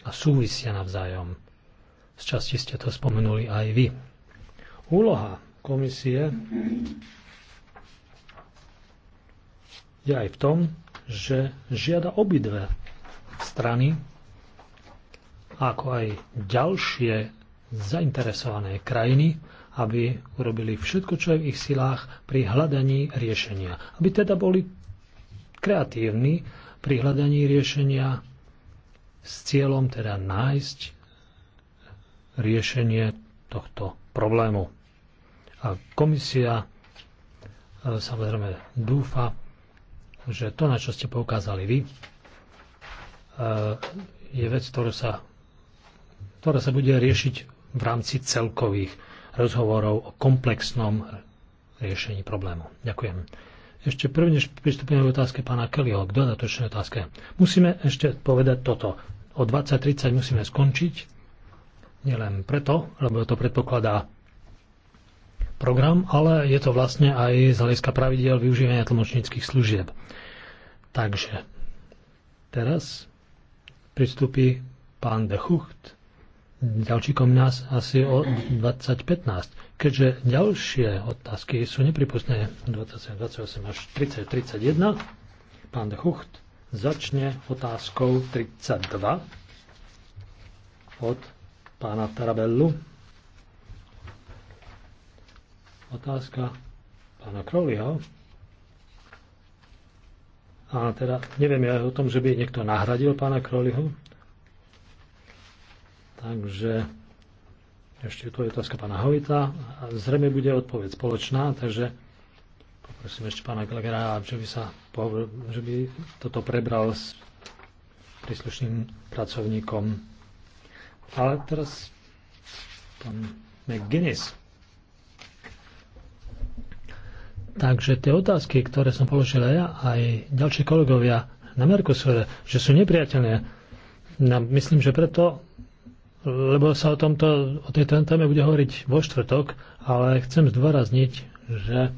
a súvisia navzájom. Z časti ste to spomenuli aj vy. Úloha komisie je aj v tom, že žiada obidve strany, ako aj ďalšie zainteresované krajiny, aby urobili všetko, čo je v ich silách pri hľadaní riešenia. Aby teda boli kreatívni pri hľadaní riešenia s cieľom teda nájsť riešenie tohto problému. A komisia e, samozrejme dúfa, že to, na čo ste poukázali vy, e, je vec, ktorá sa, ktorá sa bude riešiť v rámci celkových rozhovorov o komplexnom riešení problému. Ďakujem. Ešte prvne, než pristúpime k otázke pána Kellyho, k dodatočnej otázke. Musíme ešte povedať toto. O 20.30 musíme skončiť, nielen preto, lebo to predpokladá program, ale je to vlastne aj z hľadiska pravidel využívania tlmočníckých služieb. Takže teraz pristúpi pán de Chucht ďalšíkom nás asi o 2015, keďže ďalšie otázky sú nepripustné 27, 28 až 30, 31. Pán de začne otázkou 32 od pána Tarabellu. Otázka pána Krolia. A teda neviem ja o tom, že by niekto nahradil pána kroliho. Takže ešte tu je otázka pána Hovita. Zrejme bude odpoveď spoločná, takže poprosím ešte pána Glegera, že by, sa, že by toto prebral s príslušným pracovníkom. Ale teraz pán McGuinness. Takže tie otázky, ktoré som položil ja aj ďalší kolegovia na Mercosure, že sú nepriateľné, myslím, že preto, lebo sa o, tomto, o tejto téme bude hovoriť vo štvrtok, ale chcem zdôrazniť, že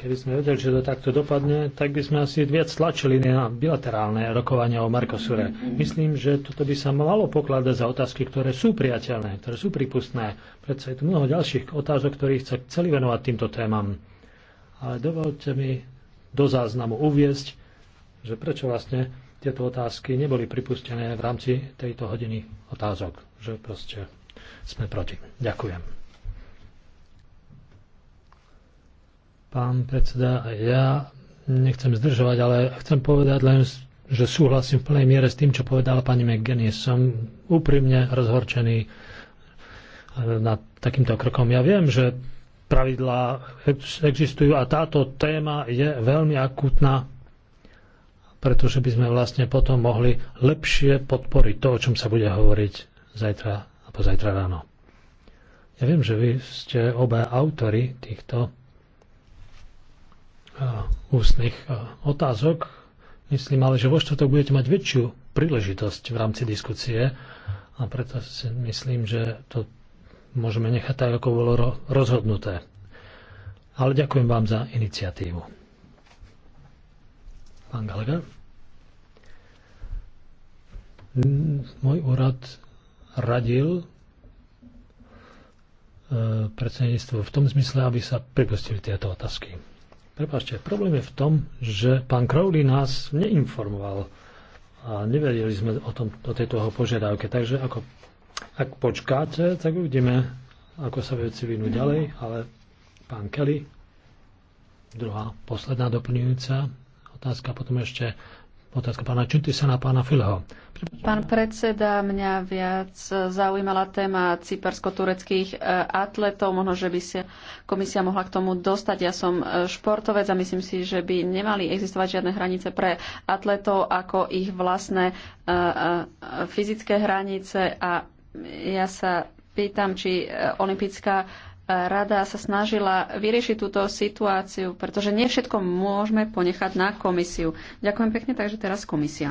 Keby sme vedeli, že to takto dopadne, tak by sme asi viac tlačili na bilaterálne rokovania o Mercosure. Myslím, že toto by sa malo pokladať za otázky, ktoré sú priateľné, ktoré sú prípustné. Predsa je tu mnoho ďalších otázok, ktorých sa chceli venovať týmto témam. Ale dovolte mi do záznamu uviesť, že prečo vlastne tieto otázky neboli pripustené v rámci tejto hodiny otázok. Že proste sme proti. Ďakujem. Pán predseda, ja nechcem zdržovať, ale chcem povedať len, že súhlasím v plnej miere s tým, čo povedala pani McGinnis. Som úprimne rozhorčený e, nad takýmto krokom. Ja viem, že pravidlá existujú a táto téma je veľmi akutná, pretože by sme vlastne potom mohli lepšie podporiť to, o čom sa bude hovoriť zajtra a pozajtra ráno. Ja viem, že vy ste oba autory týchto ústnych otázok. Myslím ale, že vo štvrtok budete mať väčšiu príležitosť v rámci diskusie a preto si myslím, že to môžeme nechať tak, ako bolo rozhodnuté. Ale ďakujem vám za iniciatívu. Pán Gallagher? Môj úrad radil e, predsedníctvo v tom zmysle, aby sa pripustili tieto otázky. Prepačte, problém je v tom, že pán Crowley nás neinformoval a nevedeli sme o, tom, o tejto požiadavke. Takže ako, ak počkáte, tak uvidíme, ako sa veci vynú ďalej, ale pán Kelly, druhá, posledná doplňujúca otázka, potom ešte otázka pána sa na pána Filho. Pán predseda, mňa viac zaujímala téma cypersko-tureckých e, atletov. Možno, že by sa komisia mohla k tomu dostať. Ja som e, športovec a myslím si, že by nemali existovať žiadne hranice pre atletov ako ich vlastné e, fyzické hranice. A ja sa pýtam, či olimpická rada sa snažila vyriešiť túto situáciu, pretože nie všetko môžeme ponechať na komisiu. Ďakujem pekne, takže teraz komisia.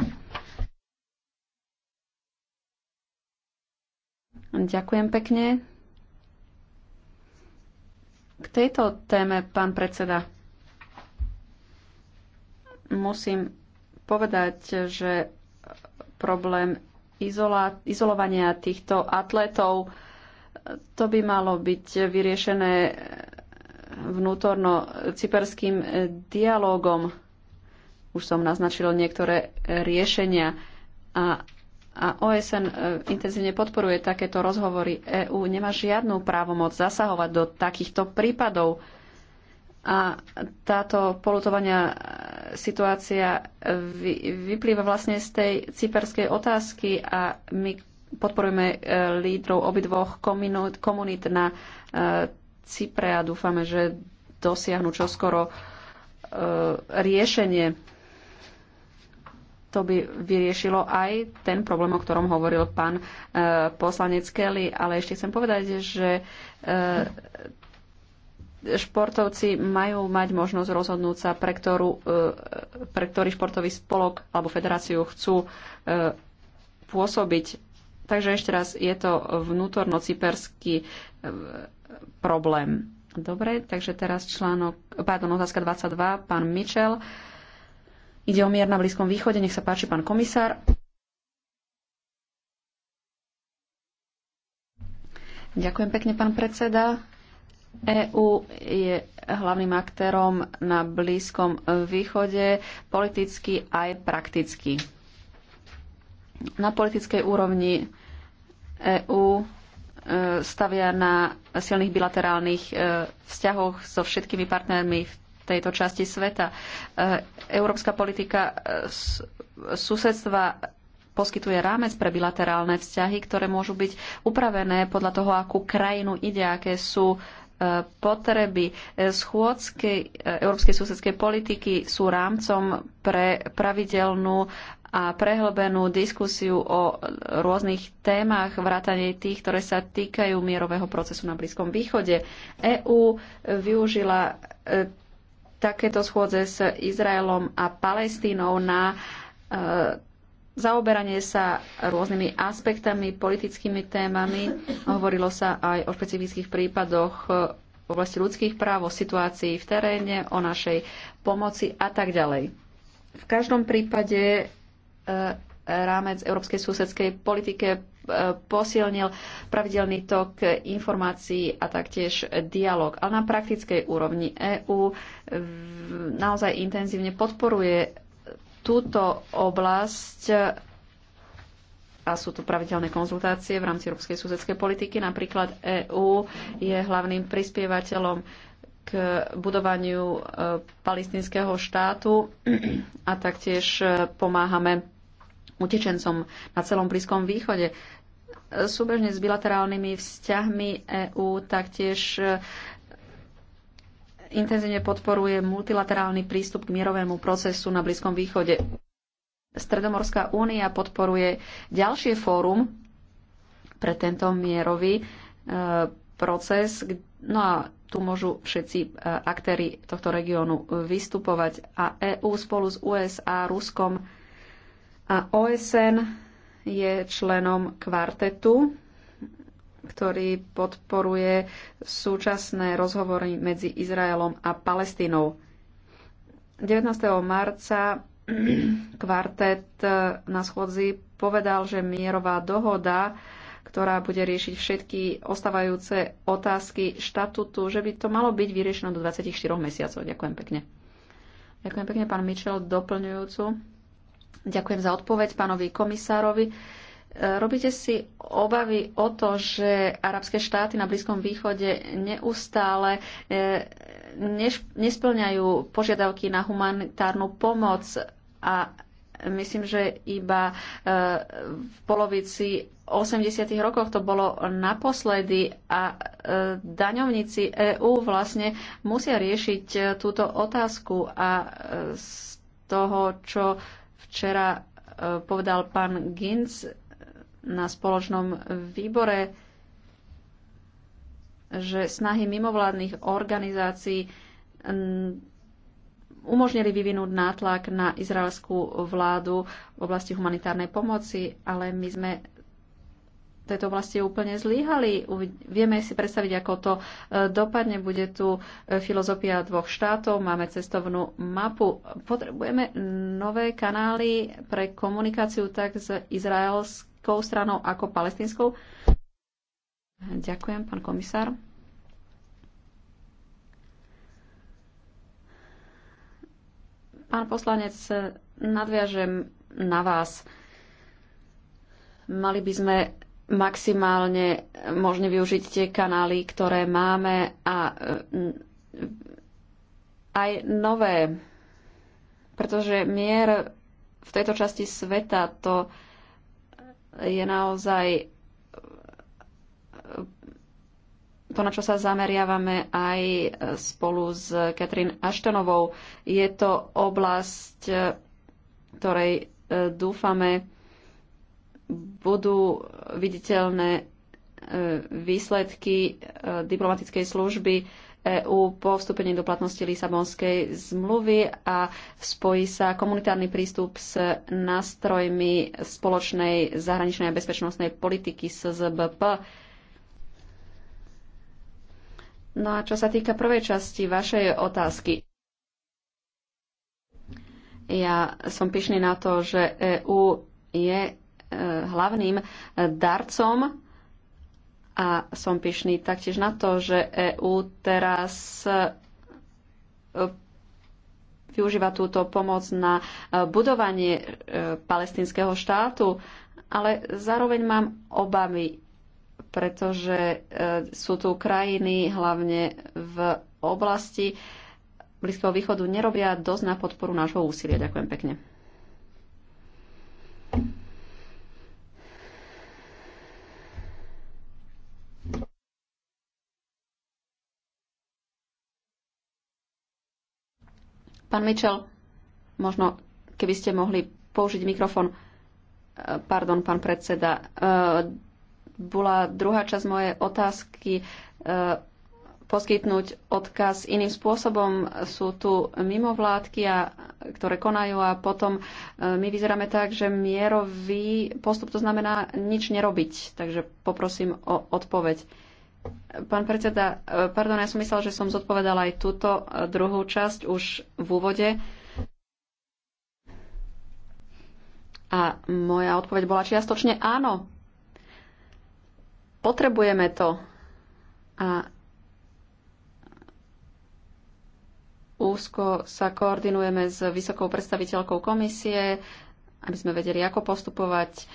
Ďakujem pekne. K tejto téme, pán predseda, musím povedať, že problém izolovania týchto atletov to by malo byť vyriešené vnútorno cyperským dialogom. Už som naznačil niektoré riešenia a, a OSN e, intenzívne podporuje takéto rozhovory. EÚ nemá žiadnu právomoc zasahovať do takýchto prípadov. A táto polutovania e, situácia vyplýva vlastne z tej cyperskej otázky a my podporujeme e, lídrov obidvoch komunít na e, Cypre a dúfame, že dosiahnu čoskoro e, riešenie. To by vyriešilo aj ten problém, o ktorom hovoril pán poslanec Kelly. Ale ešte chcem povedať, že športovci majú mať možnosť rozhodnúť sa, pre, ktorú, pre ktorý športový spolok alebo federáciu chcú pôsobiť Takže ešte raz, je to vnútorno e, problém. Dobre, takže teraz článok, pardon, otázka 22, pán Mitchell. Ide o mier na Blízkom východe, nech sa páči, pán komisár. Ďakujem pekne, pán predseda. EÚ je hlavným aktérom na Blízkom východe, politicky aj prakticky na politickej úrovni EÚ e, stavia na silných bilaterálnych e, vzťahoch so všetkými partnermi v tejto časti sveta. E, európska politika susedstva poskytuje rámec pre bilaterálne vzťahy, ktoré môžu byť upravené podľa toho, akú krajinu ide, aké sú potreby schôdskej európskej susedskej politiky sú rámcom pre pravidelnú a prehlbenú diskusiu o rôznych témach, vrátane tých, ktoré sa týkajú mierového procesu na Blízkom východe. EÚ využila e, takéto schôdze s Izraelom a Palestínou na e, zaoberanie sa rôznymi aspektami, politickými témami. Hovorilo sa aj o špecifických prípadoch e, v oblasti ľudských práv, o situácii v teréne, o našej pomoci a tak ďalej. V každom prípade Eh, rámec európskej susedskej politike eh, posilnil pravidelný tok informácií a taktiež dialog. Ale na praktickej úrovni EÚ naozaj intenzívne podporuje túto oblasť a sú tu pravidelné konzultácie v rámci európskej susedskej politiky. Napríklad EÚ je hlavným prispievateľom k budovaniu eh, palestinského štátu a taktiež pomáhame utečencom na celom Blízkom východe. Súbežne s bilaterálnymi vzťahmi EÚ taktiež e, intenzívne podporuje multilaterálny prístup k mierovému procesu na Blízkom východe. Stredomorská únia podporuje ďalšie fórum pre tento mierový e, proces. No a tu môžu všetci e, aktéry tohto regiónu vystupovať. A EÚ spolu s USA, Ruskom, a OSN je členom kvartetu, ktorý podporuje súčasné rozhovory medzi Izraelom a Palestínou. 19. marca kvartet na schodzi povedal, že mierová dohoda, ktorá bude riešiť všetky ostávajúce otázky štatútu, že by to malo byť vyriešené do 24 mesiacov. Ďakujem pekne. Ďakujem pekne, pán Mitchell, doplňujúcu. Ďakujem za odpoveď pánovi komisárovi. E, robíte si obavy o to, že arabské štáty na Blízkom východe neustále e, nesplňajú požiadavky na humanitárnu pomoc a myslím, že iba e, v polovici 80. rokov to bolo naposledy a daňovníci EÚ vlastne musia riešiť túto otázku a z toho, čo Včera e, povedal pán Ginz e, na spoločnom výbore, že snahy mimovládnych organizácií umožnili vyvinúť nátlak na izraelskú vládu v oblasti humanitárnej pomoci, ale my sme tejto oblasti úplne zlíhali. Vieme si predstaviť, ako to e, dopadne. Bude tu e, filozofia dvoch štátov, máme cestovnú mapu. Potrebujeme nové kanály pre komunikáciu tak s izraelskou stranou ako palestinskou. Ďakujem, pán komisár. Pán poslanec, nadviažem na vás. Mali by sme maximálne možne využiť tie kanály, ktoré máme a mm, aj nové. Pretože mier v tejto časti sveta to je naozaj to, na čo sa zameriavame aj spolu s Katrin Aštonovou. Je to oblasť, ktorej e, dúfame, budú viditeľné e, výsledky e, diplomatickej služby EÚ po vstúpení do platnosti Lisabonskej zmluvy a spojí sa komunitárny prístup s nástrojmi spoločnej zahraničnej a bezpečnostnej politiky SZBP. No a čo sa týka prvej časti vašej otázky, ja som pyšný na to, že EÚ je hlavným darcom a som pyšný taktiež na to, že EÚ teraz e, využíva túto pomoc na e, budovanie e, palestinského štátu, ale zároveň mám obavy, pretože sú tu krajiny, hlavne v oblasti Blízkeho východu, nerobia dosť na podporu nášho úsilia. Ďakujem pekne. Pán Mitchell, možno keby ste mohli použiť mikrofón. E, pardon, pán predseda. E, bola druhá časť mojej otázky e, poskytnúť odkaz iným spôsobom. Sú tu mimovládky, a, ktoré konajú a potom my vyzeráme tak, že mierový postup to znamená nič nerobiť. Takže poprosím o odpoveď. Pán predseda, e, pardon, ja som myslel, že som zodpovedala aj túto e, druhú časť už v úvode. A moja odpoveď bola čiastočne áno. Potrebujeme to. A úzko sa koordinujeme s vysokou predstaviteľkou komisie, aby sme vedeli, ako postupovať,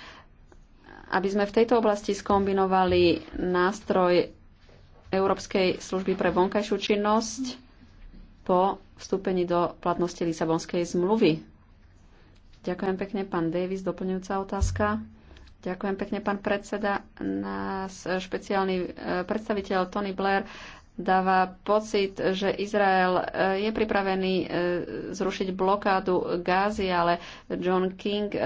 aby sme v tejto oblasti skombinovali nástroj Európskej služby pre vonkajšiu činnosť po vstúpení do platnosti Lisabonskej zmluvy. Ďakujem pekne, pán Davis, doplňujúca otázka. Ďakujem pekne, pán predseda. Nás špeciálny eh, predstaviteľ Tony Blair dáva pocit, že Izrael e, je pripravený e, zrušiť blokádu Gázy, ale John King, e,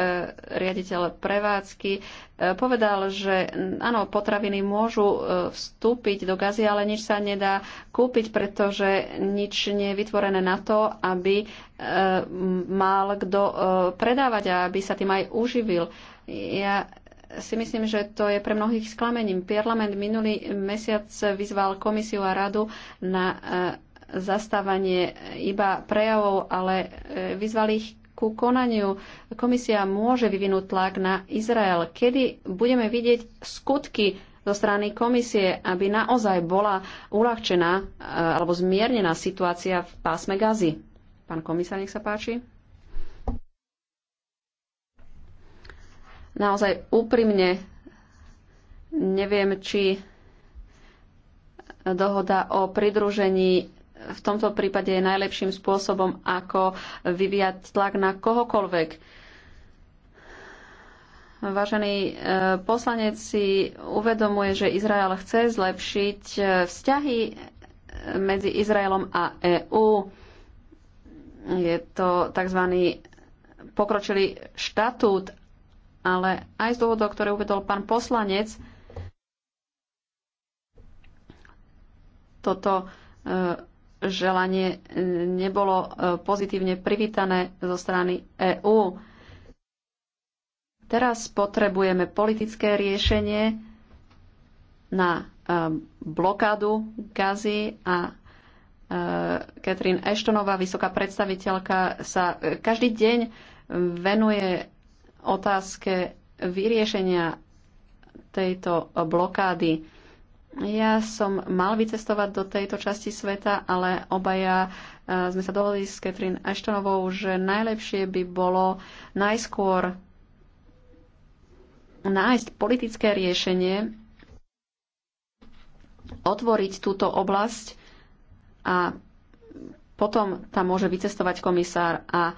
riaditeľ prevádzky, povedal, že áno, potraviny môžu vstúpiť do Gazy, ale nič sa nedá kúpiť, pretože nič nie je vytvorené na to, aby mal kto predávať a aby sa tým aj uživil. Ja si myslím, že to je pre mnohých sklamením. Parlament minulý mesiac vyzval komisiu a radu na e, zastávanie iba prejavov, ale e, vyzval ich ku konaniu. Komisia môže vyvinúť tlak na Izrael. Kedy budeme vidieť skutky zo strany komisie, aby naozaj bola uľahčená e, alebo zmiernená situácia v pásme Gazy? Pán komisár, nech sa páči. naozaj úprimne neviem, či dohoda o pridružení v tomto prípade je najlepším spôsobom, ako vyvíjať tlak na kohokoľvek. Vážený e, poslanec si uvedomuje, že Izrael chce zlepšiť e, vzťahy e, medzi Izraelom a EÚ. Je to tzv. pokročilý štatút ale aj z dôvodov, ktoré uvedol pán poslanec, toto e, želanie e, nebolo e, pozitívne privítané zo strany EÚ. Teraz potrebujeme politické riešenie na blokádu Gazy a Katrin Eštonová, vysoká predstaviteľka, sa každý deň venuje otázke vyriešenia tejto blokády. Ja som mal vycestovať do tejto časti sveta, ale obaja e, sme sa dohodli s Catherine Ashtonovou, že najlepšie by bolo najskôr nájsť politické riešenie, otvoriť túto oblasť a potom tam môže vycestovať komisár a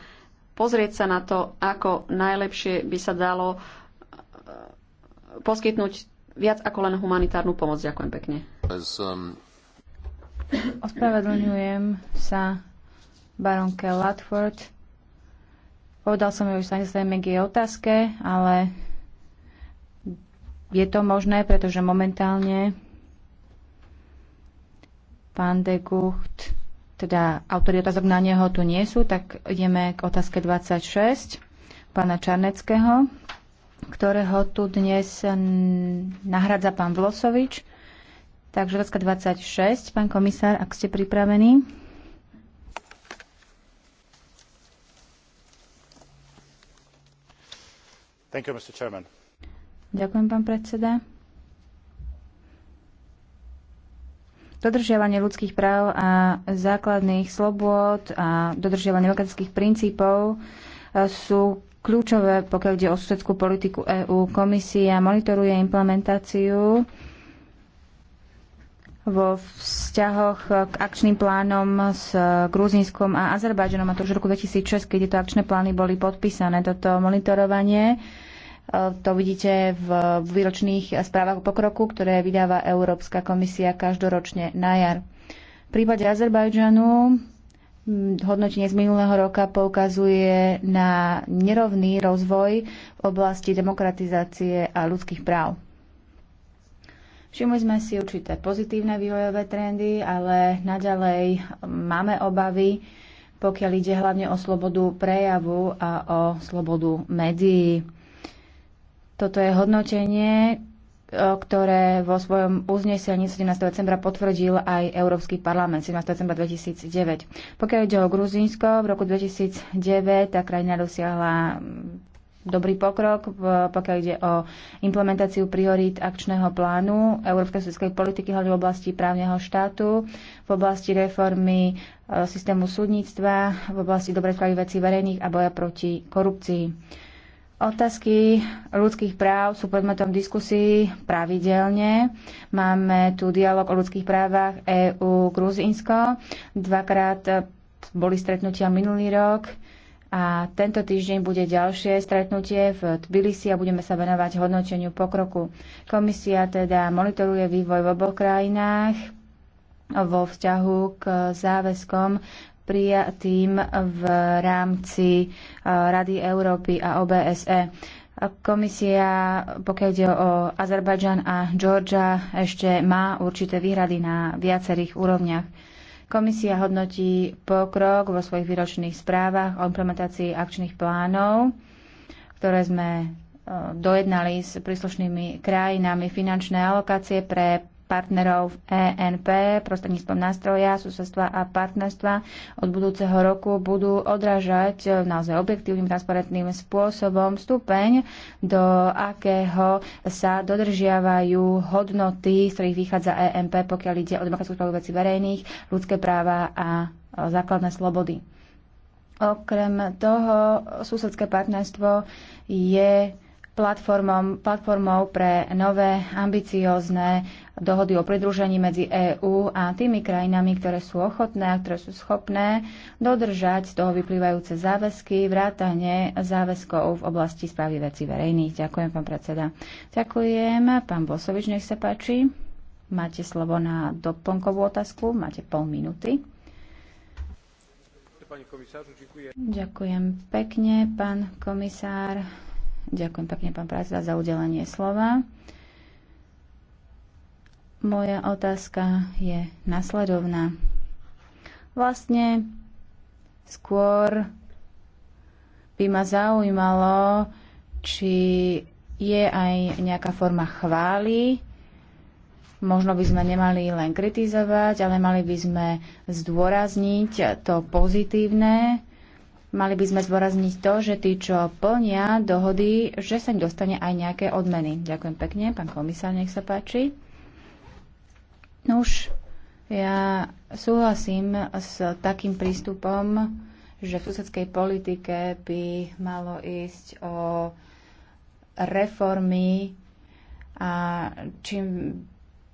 pozrieť sa na to, ako najlepšie by sa dalo e, poskytnúť viac ako len humanitárnu pomoc. Ďakujem pekne. Um, Ospravedlňujem sa baronke Latford. Povedal som ju, že sa nedostaneme k jej otázke, ale je to možné, pretože momentálne pán de Gucht teda autori otázok na neho tu nie sú, tak ideme k otázke 26 pána Čarneckého, ktorého tu dnes nahradza pán Vlosovič. Takže otázka 26, pán komisár, ak ste pripravení. Thank you, Mr. Chairman. Ďakujem, pán predseda. Dodržiavanie ľudských práv a základných slobôd a dodržiavanie demokratických princípov e, sú kľúčové, pokiaľ ide o susedskú politiku EÚ. Komisia monitoruje implementáciu vo vzťahoch k akčným plánom s Gruzínskom a Azerbajdžanom, a to už v roku 2006, keď tieto akčné plány boli podpísané. Toto monitorovanie to vidíte v výročných správach o pokroku, ktoré vydáva Európska komisia každoročne na jar. V prípade Azerbajdžanu mm, hodnotenie z minulého roka poukazuje na nerovný rozvoj v oblasti demokratizácie a ľudských práv. Všimli sme si určité pozitívne vývojové trendy, ale naďalej máme obavy, pokiaľ ide hlavne o slobodu prejavu a o slobodu médií. Toto je hodnotenie, e, ktoré vo svojom uznesení 17. decembra potvrdil aj Európsky parlament 17. decembra 2009. Pokiaľ ide o Gruzínsko, v roku 2009 tá krajina dosiahla mm, dobrý pokrok, pokiaľ ide o implementáciu priorít akčného plánu Európskej sudskej politiky, hlavne v oblasti právneho štátu, v oblasti reformy e, systému súdnictva, v oblasti dobrej správy vecí verejných a boja proti korupcii. Otázky ľudských práv sú predmetom diskusí pravidelne. Máme tu dialog o ľudských právach EU-Gruzínsko. Dvakrát boli stretnutia minulý rok a tento týždeň bude ďalšie stretnutie v Tbilisi a budeme sa venovať hodnoteniu pokroku. Komisia teda monitoruje vývoj v oboch krajinách vo vzťahu k záväzkom prijatým v rámci eh, Rady Európy a OBSE. Komisia, pokiaľ ide o Azerbajdžan a Georgia, ešte má určité výhrady na viacerých úrovniach. Komisia hodnotí pokrok vo svojich výročných správach o implementácii akčných plánov, ktoré sme eh, dojednali s príslušnými krajinami finančné alokácie pre partnerov v ENP prostredníctvom nástroja susedstva a partnerstva od budúceho roku budú odrážať e, naozaj objektívnym, transparentným spôsobom stupeň, do akého sa dodržiavajú hodnoty, z ktorých vychádza ENP, pokiaľ ide o demokratickú správu veci verejných, ľudské práva a e, základné slobody. Okrem toho, susedské partnerstvo je platformou, platformou pre nové ambiciózne dohody o pridružení medzi EÚ a tými krajinami, ktoré sú ochotné a ktoré sú schopné dodržať z toho vyplývajúce záväzky, vrátane záväzkov v oblasti správy veci verejných. Ďakujem, pán predseda. Ďakujem. Pán Bosovič, nech sa páči. Máte slovo na doplnkovú otázku. Máte pol minúty. Ďakujem pekne, pán komisár. Ďakujem pekne, pán predseda, za udelenie slova. Moja otázka je nasledovná. Vlastne skôr by ma zaujímalo, či je aj nejaká forma chvály. Možno by sme nemali len kritizovať, ale mali by sme zdôrazniť to pozitívne. Mali by sme zdôrazniť to, že tí, čo plnia dohody, že sa im dostane aj nejaké odmeny. Ďakujem pekne, pán komisár, nech sa páči. Nuž, ja súhlasím s takým prístupom, že v susedskej politike by malo ísť o reformy a čím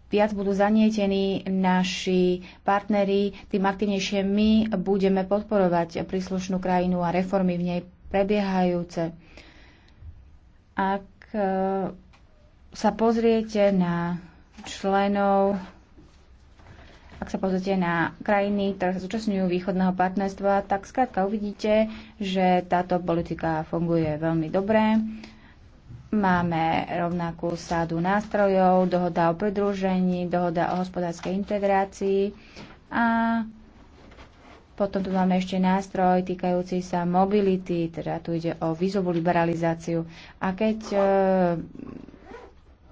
viac budú zanietení naši partneri, tým aktivnejšie my budeme podporovať príslušnú krajinu a reformy v nej prebiehajúce. Ak e, sa pozriete na členov ak sa pozrite na krajiny, ktoré sa zúčastňujú východného partnerstva, tak skrátka uvidíte, že táto politika funguje veľmi dobre. Máme rovnakú sádu nástrojov, dohoda o pridružení, dohoda o hospodárskej integrácii a potom tu máme ešte nástroj týkajúci sa mobility, teda tu ide o vízovú liberalizáciu. A keď e,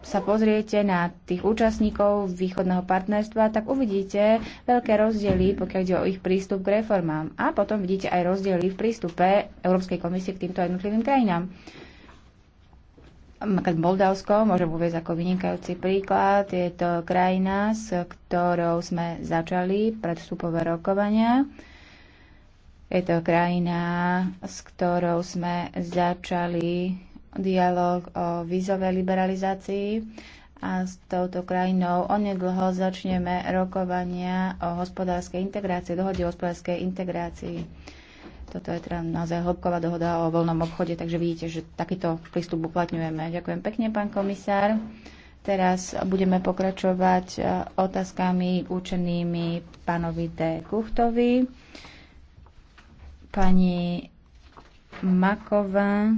sa pozriete na tých účastníkov východného partnerstva, tak uvidíte veľké rozdiely, pokiaľ ide o ich prístup k reformám. A potom vidíte aj rozdiely v prístupe Európskej komisie k týmto jednotlivým krajinám. Moldavsko môžem uvieť ako vynikajúci príklad. Je to krajina, s ktorou sme začali predstupové rokovania. Je to krajina, s ktorou sme začali dialog o vízovej liberalizácii a s touto krajinou onedlho začneme rokovania o hospodárskej integrácii, dohode o hospodárskej integrácii. Toto je teda naozaj hĺbková dohoda o voľnom obchode, takže vidíte, že takýto prístup uplatňujeme. Ďakujem pekne, pán komisár. Teraz budeme pokračovať e, otázkami určenými pánovi D. Kuchtovi, pani Maková,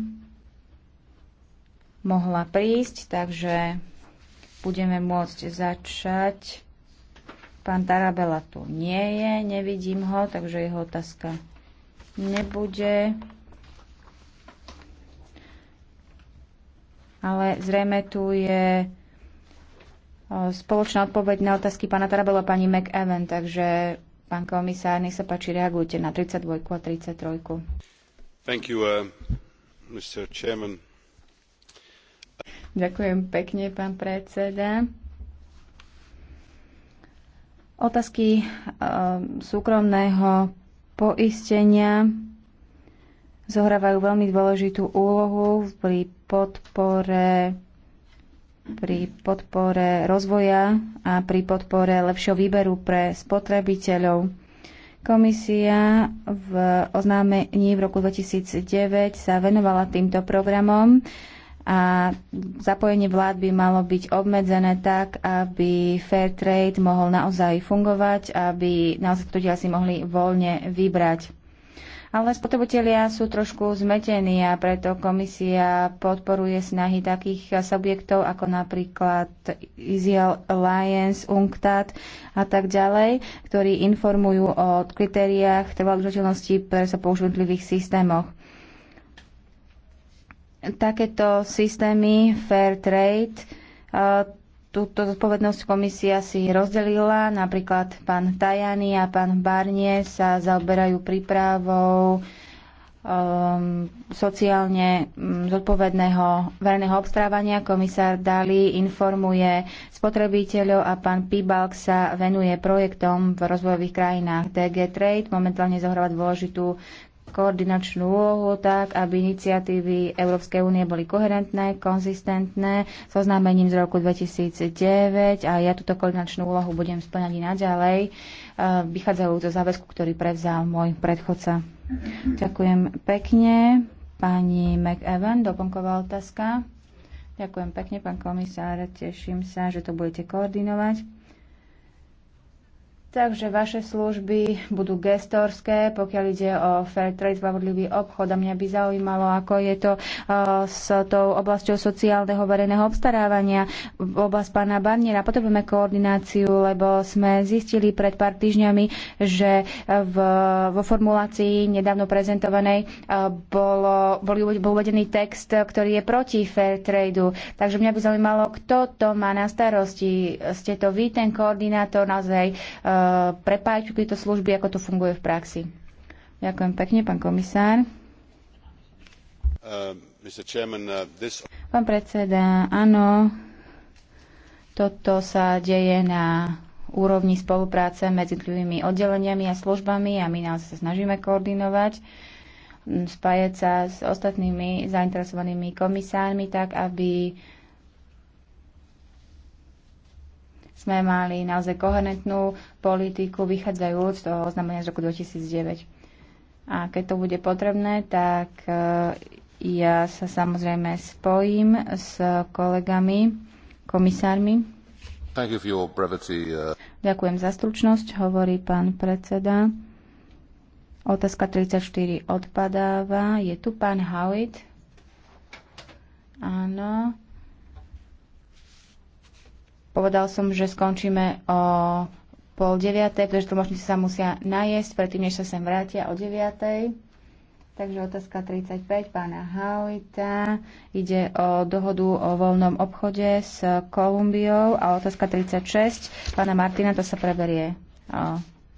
mohla prísť, takže budeme môcť začať. Pán Tarabela tu nie je, nevidím ho, takže jeho otázka nebude. Ale zrejme tu je e, spoločná odpoveď na otázky pána Tarabela pani McEwen, takže pán komisár, nech sa páči, reagujte na 32 a 33. Thank you, uh, Mr. Chairman. Ďakujem pekne, pán predseda. Otázky eh, súkromného poistenia zohrávajú veľmi dôležitú úlohu pri podpore pri podpore rozvoja a pri podpore lepšieho výberu pre spotrebiteľov. Komisia v oznámení v roku 2009 sa venovala týmto programom a zapojenie vlád by malo byť obmedzené tak, aby fair trade mohol naozaj fungovať, aby naozaj ľudia si mohli voľne vybrať. Ale spotrebitelia sú trošku zmetení a preto komisia podporuje snahy takých subjektov ako napríklad Easy Alliance, UNCTAD a tak ďalej, ktorí informujú o kritériách trvalodržateľnosti pre sa použitlivých systémoch. Takéto systémy fair trade, e, túto zodpovednosť komisia si rozdelila. Napríklad pán Tajani a pán Barnie sa zaoberajú prípravou um, sociálne mm, zodpovedného verejného obstrávania. Komisár Dali informuje spotrebiteľov a pán Pibalk sa venuje projektom v rozvojových krajinách. DG Trade momentálne zohráva dôležitú koordinačnú úlohu tak, aby iniciatívy Európskej únie boli koherentné, konzistentné s oznámením z roku 2009 a ja túto koordinačnú úlohu budem splňať i naďalej, eh, vychádzajúc zo záväzku, ktorý prevzal môj predchodca. Ďakujem pekne. Pani McEwan, doplnková otázka. Ďakujem pekne, pán komisár. Teším sa, že to budete koordinovať. Takže vaše služby budú gestorské, pokiaľ ide o fair trade, spravodlivý obchod. A mňa by zaujímalo, ako je to uh, s tou oblasťou sociálneho verejného obstarávania, oblasť pána Barniera. Potrebujeme koordináciu, lebo sme zistili pred pár týždňami, že uh, v, vo formulácii nedávno prezentovanej uh, bolo, bol, bol uvedený text, ktorý je proti fair tradu. Takže mňa by zaujímalo, kto to má na starosti. Ste to vy, ten koordinátor, naozaj Eh, prepájať tieto služby, ako to funguje v praxi. Ďakujem pekne, pán komisár. Eh, eh, pán predseda, áno, toto sa deje na úrovni spolupráce medzi tlivými oddeleniami a službami a my nás sa snažíme koordinovať, spájať sa s ostatnými zainteresovanými komisármi tak, aby sme mali naozaj koherentnú politiku vychádzajúc z toho oznámenia z roku 2009. A keď to bude potrebné, tak e, ja sa samozrejme spojím s kolegami, komisármi. You brevity, uh... Ďakujem za stručnosť, hovorí pán predseda. Otázka 34 odpadáva. Je tu pán Howitt? Áno. Povedal som, že skončíme o pol deviatej, pretože tlmočníci sa musia najesť, predtým, než sa sem vrátia o deviatej. Takže otázka 35 pána Haulita. Ide o dohodu o voľnom obchode s Kolumbiou a otázka 36 pána Martina, to sa preberie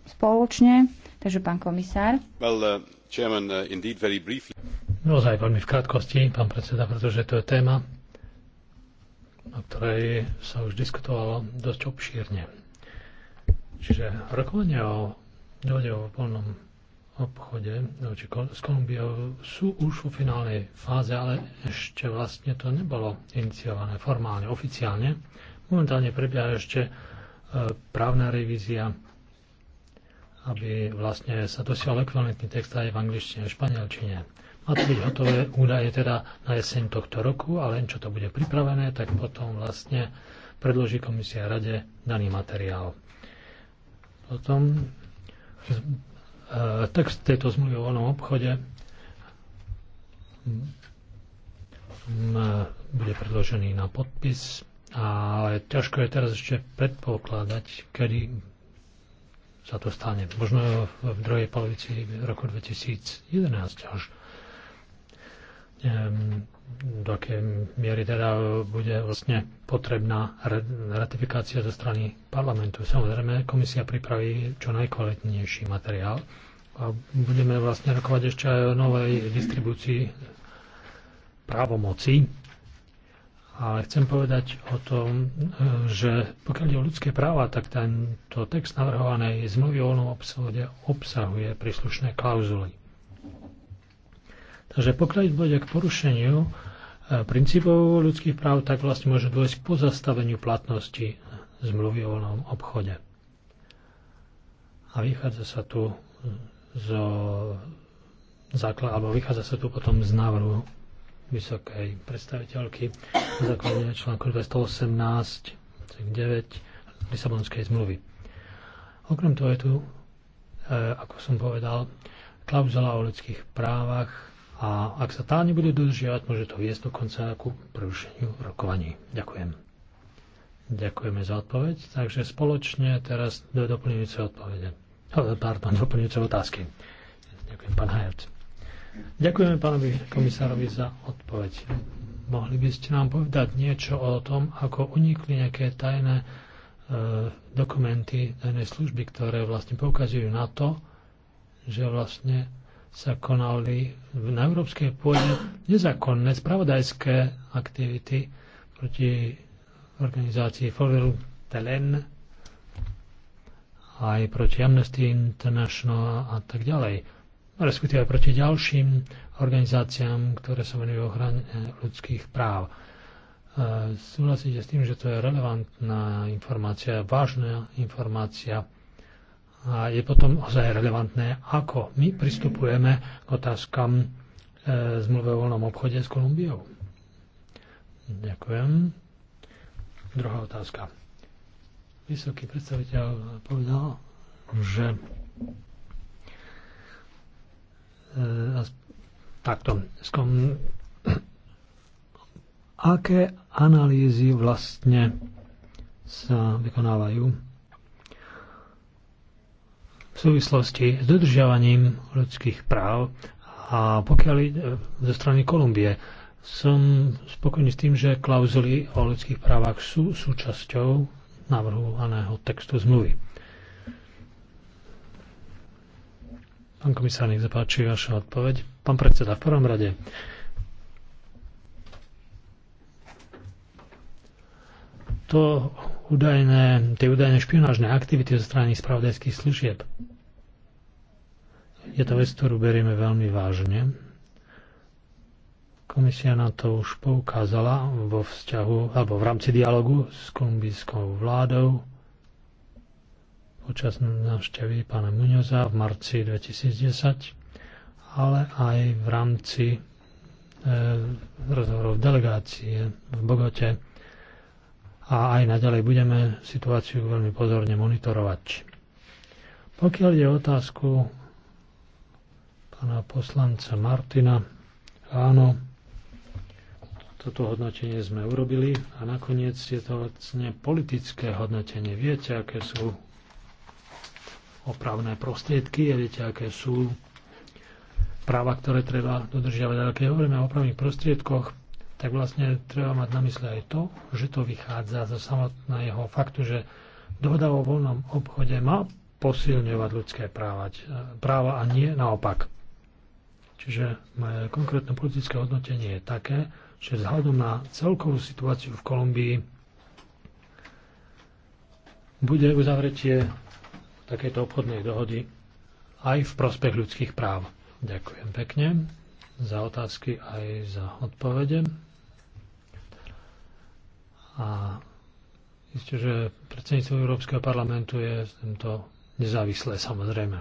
spoločne. Takže pán komisár. Well, uh, chairman, uh, indeed very briefly. Naozaj veľmi v krátkosti, pán predseda, pretože to je téma, o ktorej sa už diskutovalo dosť obšírne. Čiže rokovania o dohode o voľnom obchode s Kolumbiou sú už v finálnej fáze, ale ešte vlastne to nebolo iniciované formálne, oficiálne. Momentálne prebieha ešte e, právna revízia, aby vlastne sa dosiahol ekvivalentný text aj v angličtine a španielčine a to byť hotové údaje teda na jeseň tohto roku a len čo to bude pripravené, tak potom vlastne predloží komisia rade daný materiál. Potom e, text tejto zmluvy o voľnom obchode mm, e, bude predložený na podpis, ale ťažko je teraz ešte predpokladať, kedy sa to stane. Možno v druhej polovici roku 2011 až. Ehm, do akej miery teda bude vlastne potrebná ratifikácia zo strany parlamentu. Samozrejme, komisia pripraví čo najkvalitnejší materiál a budeme vlastne rokovať ešte aj o novej distribúcii právomoci. Ale chcem povedať o tom, e, že pokiaľ ide o ľudské práva, tak tento text navrhovanej zmluvy o voľnom obsahuje príslušné klauzuly. Takže pokiaľ dôjde k porušeniu e, princípov ľudských práv, tak vlastne môže dôjsť k pozastaveniu platnosti zmluvy o voľnom obchode. A vychádza sa tu zo základ, alebo vychádza sa tu potom z návrhu vysokej predstaviteľky na základe článku 218 9 Lisabonskej zmluvy. Okrem toho je tu, e, ako som povedal, klauzula o ľudských právach a ak sa tá nebude dodržiavať, môže to viesť dokonca ku prerušeniu rokovaní. Ďakujem. Ďakujeme za odpoveď. Takže spoločne teraz do doplňujúce odpovede. Pardon, doplňujúce otázky. Ďakujem, pán Hajert. Ďakujeme pánovi komisárovi za odpoveď. Mohli by ste nám povedať niečo o tom, ako unikli nejaké tajné e, dokumenty tajnej služby, ktoré vlastne poukazujú na to, že vlastne sa konali na európskej pôde nezákonné spravodajské aktivity proti organizácii Forum Telen aj proti Amnesty International a tak ďalej. Respektíve proti ďalším organizáciám, ktoré sa venujú ochrane ľudských práv. E, súhlasíte s tým, že to je relevantná informácia, vážna informácia a je potom ozaj relevantné, ako my pristupujeme k otázkam e, zmluve o voľnom obchode s Kolumbiou. Ďakujem. Druhá otázka. Vysoký predstaviteľ povedal, že e, takto. Skom, aké analýzy vlastne sa vykonávajú v súvislosti s dodržiavaním ľudských práv a pokiaľ zo strany Kolumbie som spokojný s tým, že klauzuly o ľudských právach sú súčasťou navrhovaného textu zmluvy. Pán komisár, nech zapáči vaša odpoveď. Pán predseda, v prvom rade. To údajné, tie údajné špionážne aktivity zo strany spravodajských služieb. Je to vec, ktorú berieme veľmi vážne. Komisia na to už poukázala vo vzťahu, alebo v rámci dialogu s kolumbijskou vládou počas návštevy pána Muňoza v marci 2010, ale aj v rámci e, rozhovorov delegácie v Bogote a aj naďalej budeme situáciu veľmi pozorne monitorovať. Pokiaľ je otázku pána poslanca Martina, áno, toto hodnotenie sme urobili a nakoniec je to vlastne politické hodnotenie. Viete, aké sú opravné prostriedky a viete, aké sú práva, ktoré treba dodržiavať. Ale keď hovoríme o opravných prostriedkoch, tak vlastne treba mať na mysle aj to, že to vychádza zo samotného faktu, že dohoda o voľnom obchode má posilňovať ľudské práva, práva a nie naopak. Čiže moje konkrétne politické hodnotenie je také, že vzhľadom na celkovú situáciu v Kolumbii bude uzavretie takéto obchodnej dohody aj v prospech ľudských práv. Ďakujem pekne za otázky aj za odpovede. A isté, že predsedníctvo Európskeho parlamentu je tento nezávislé samozrejme.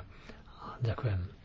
Ďakujem.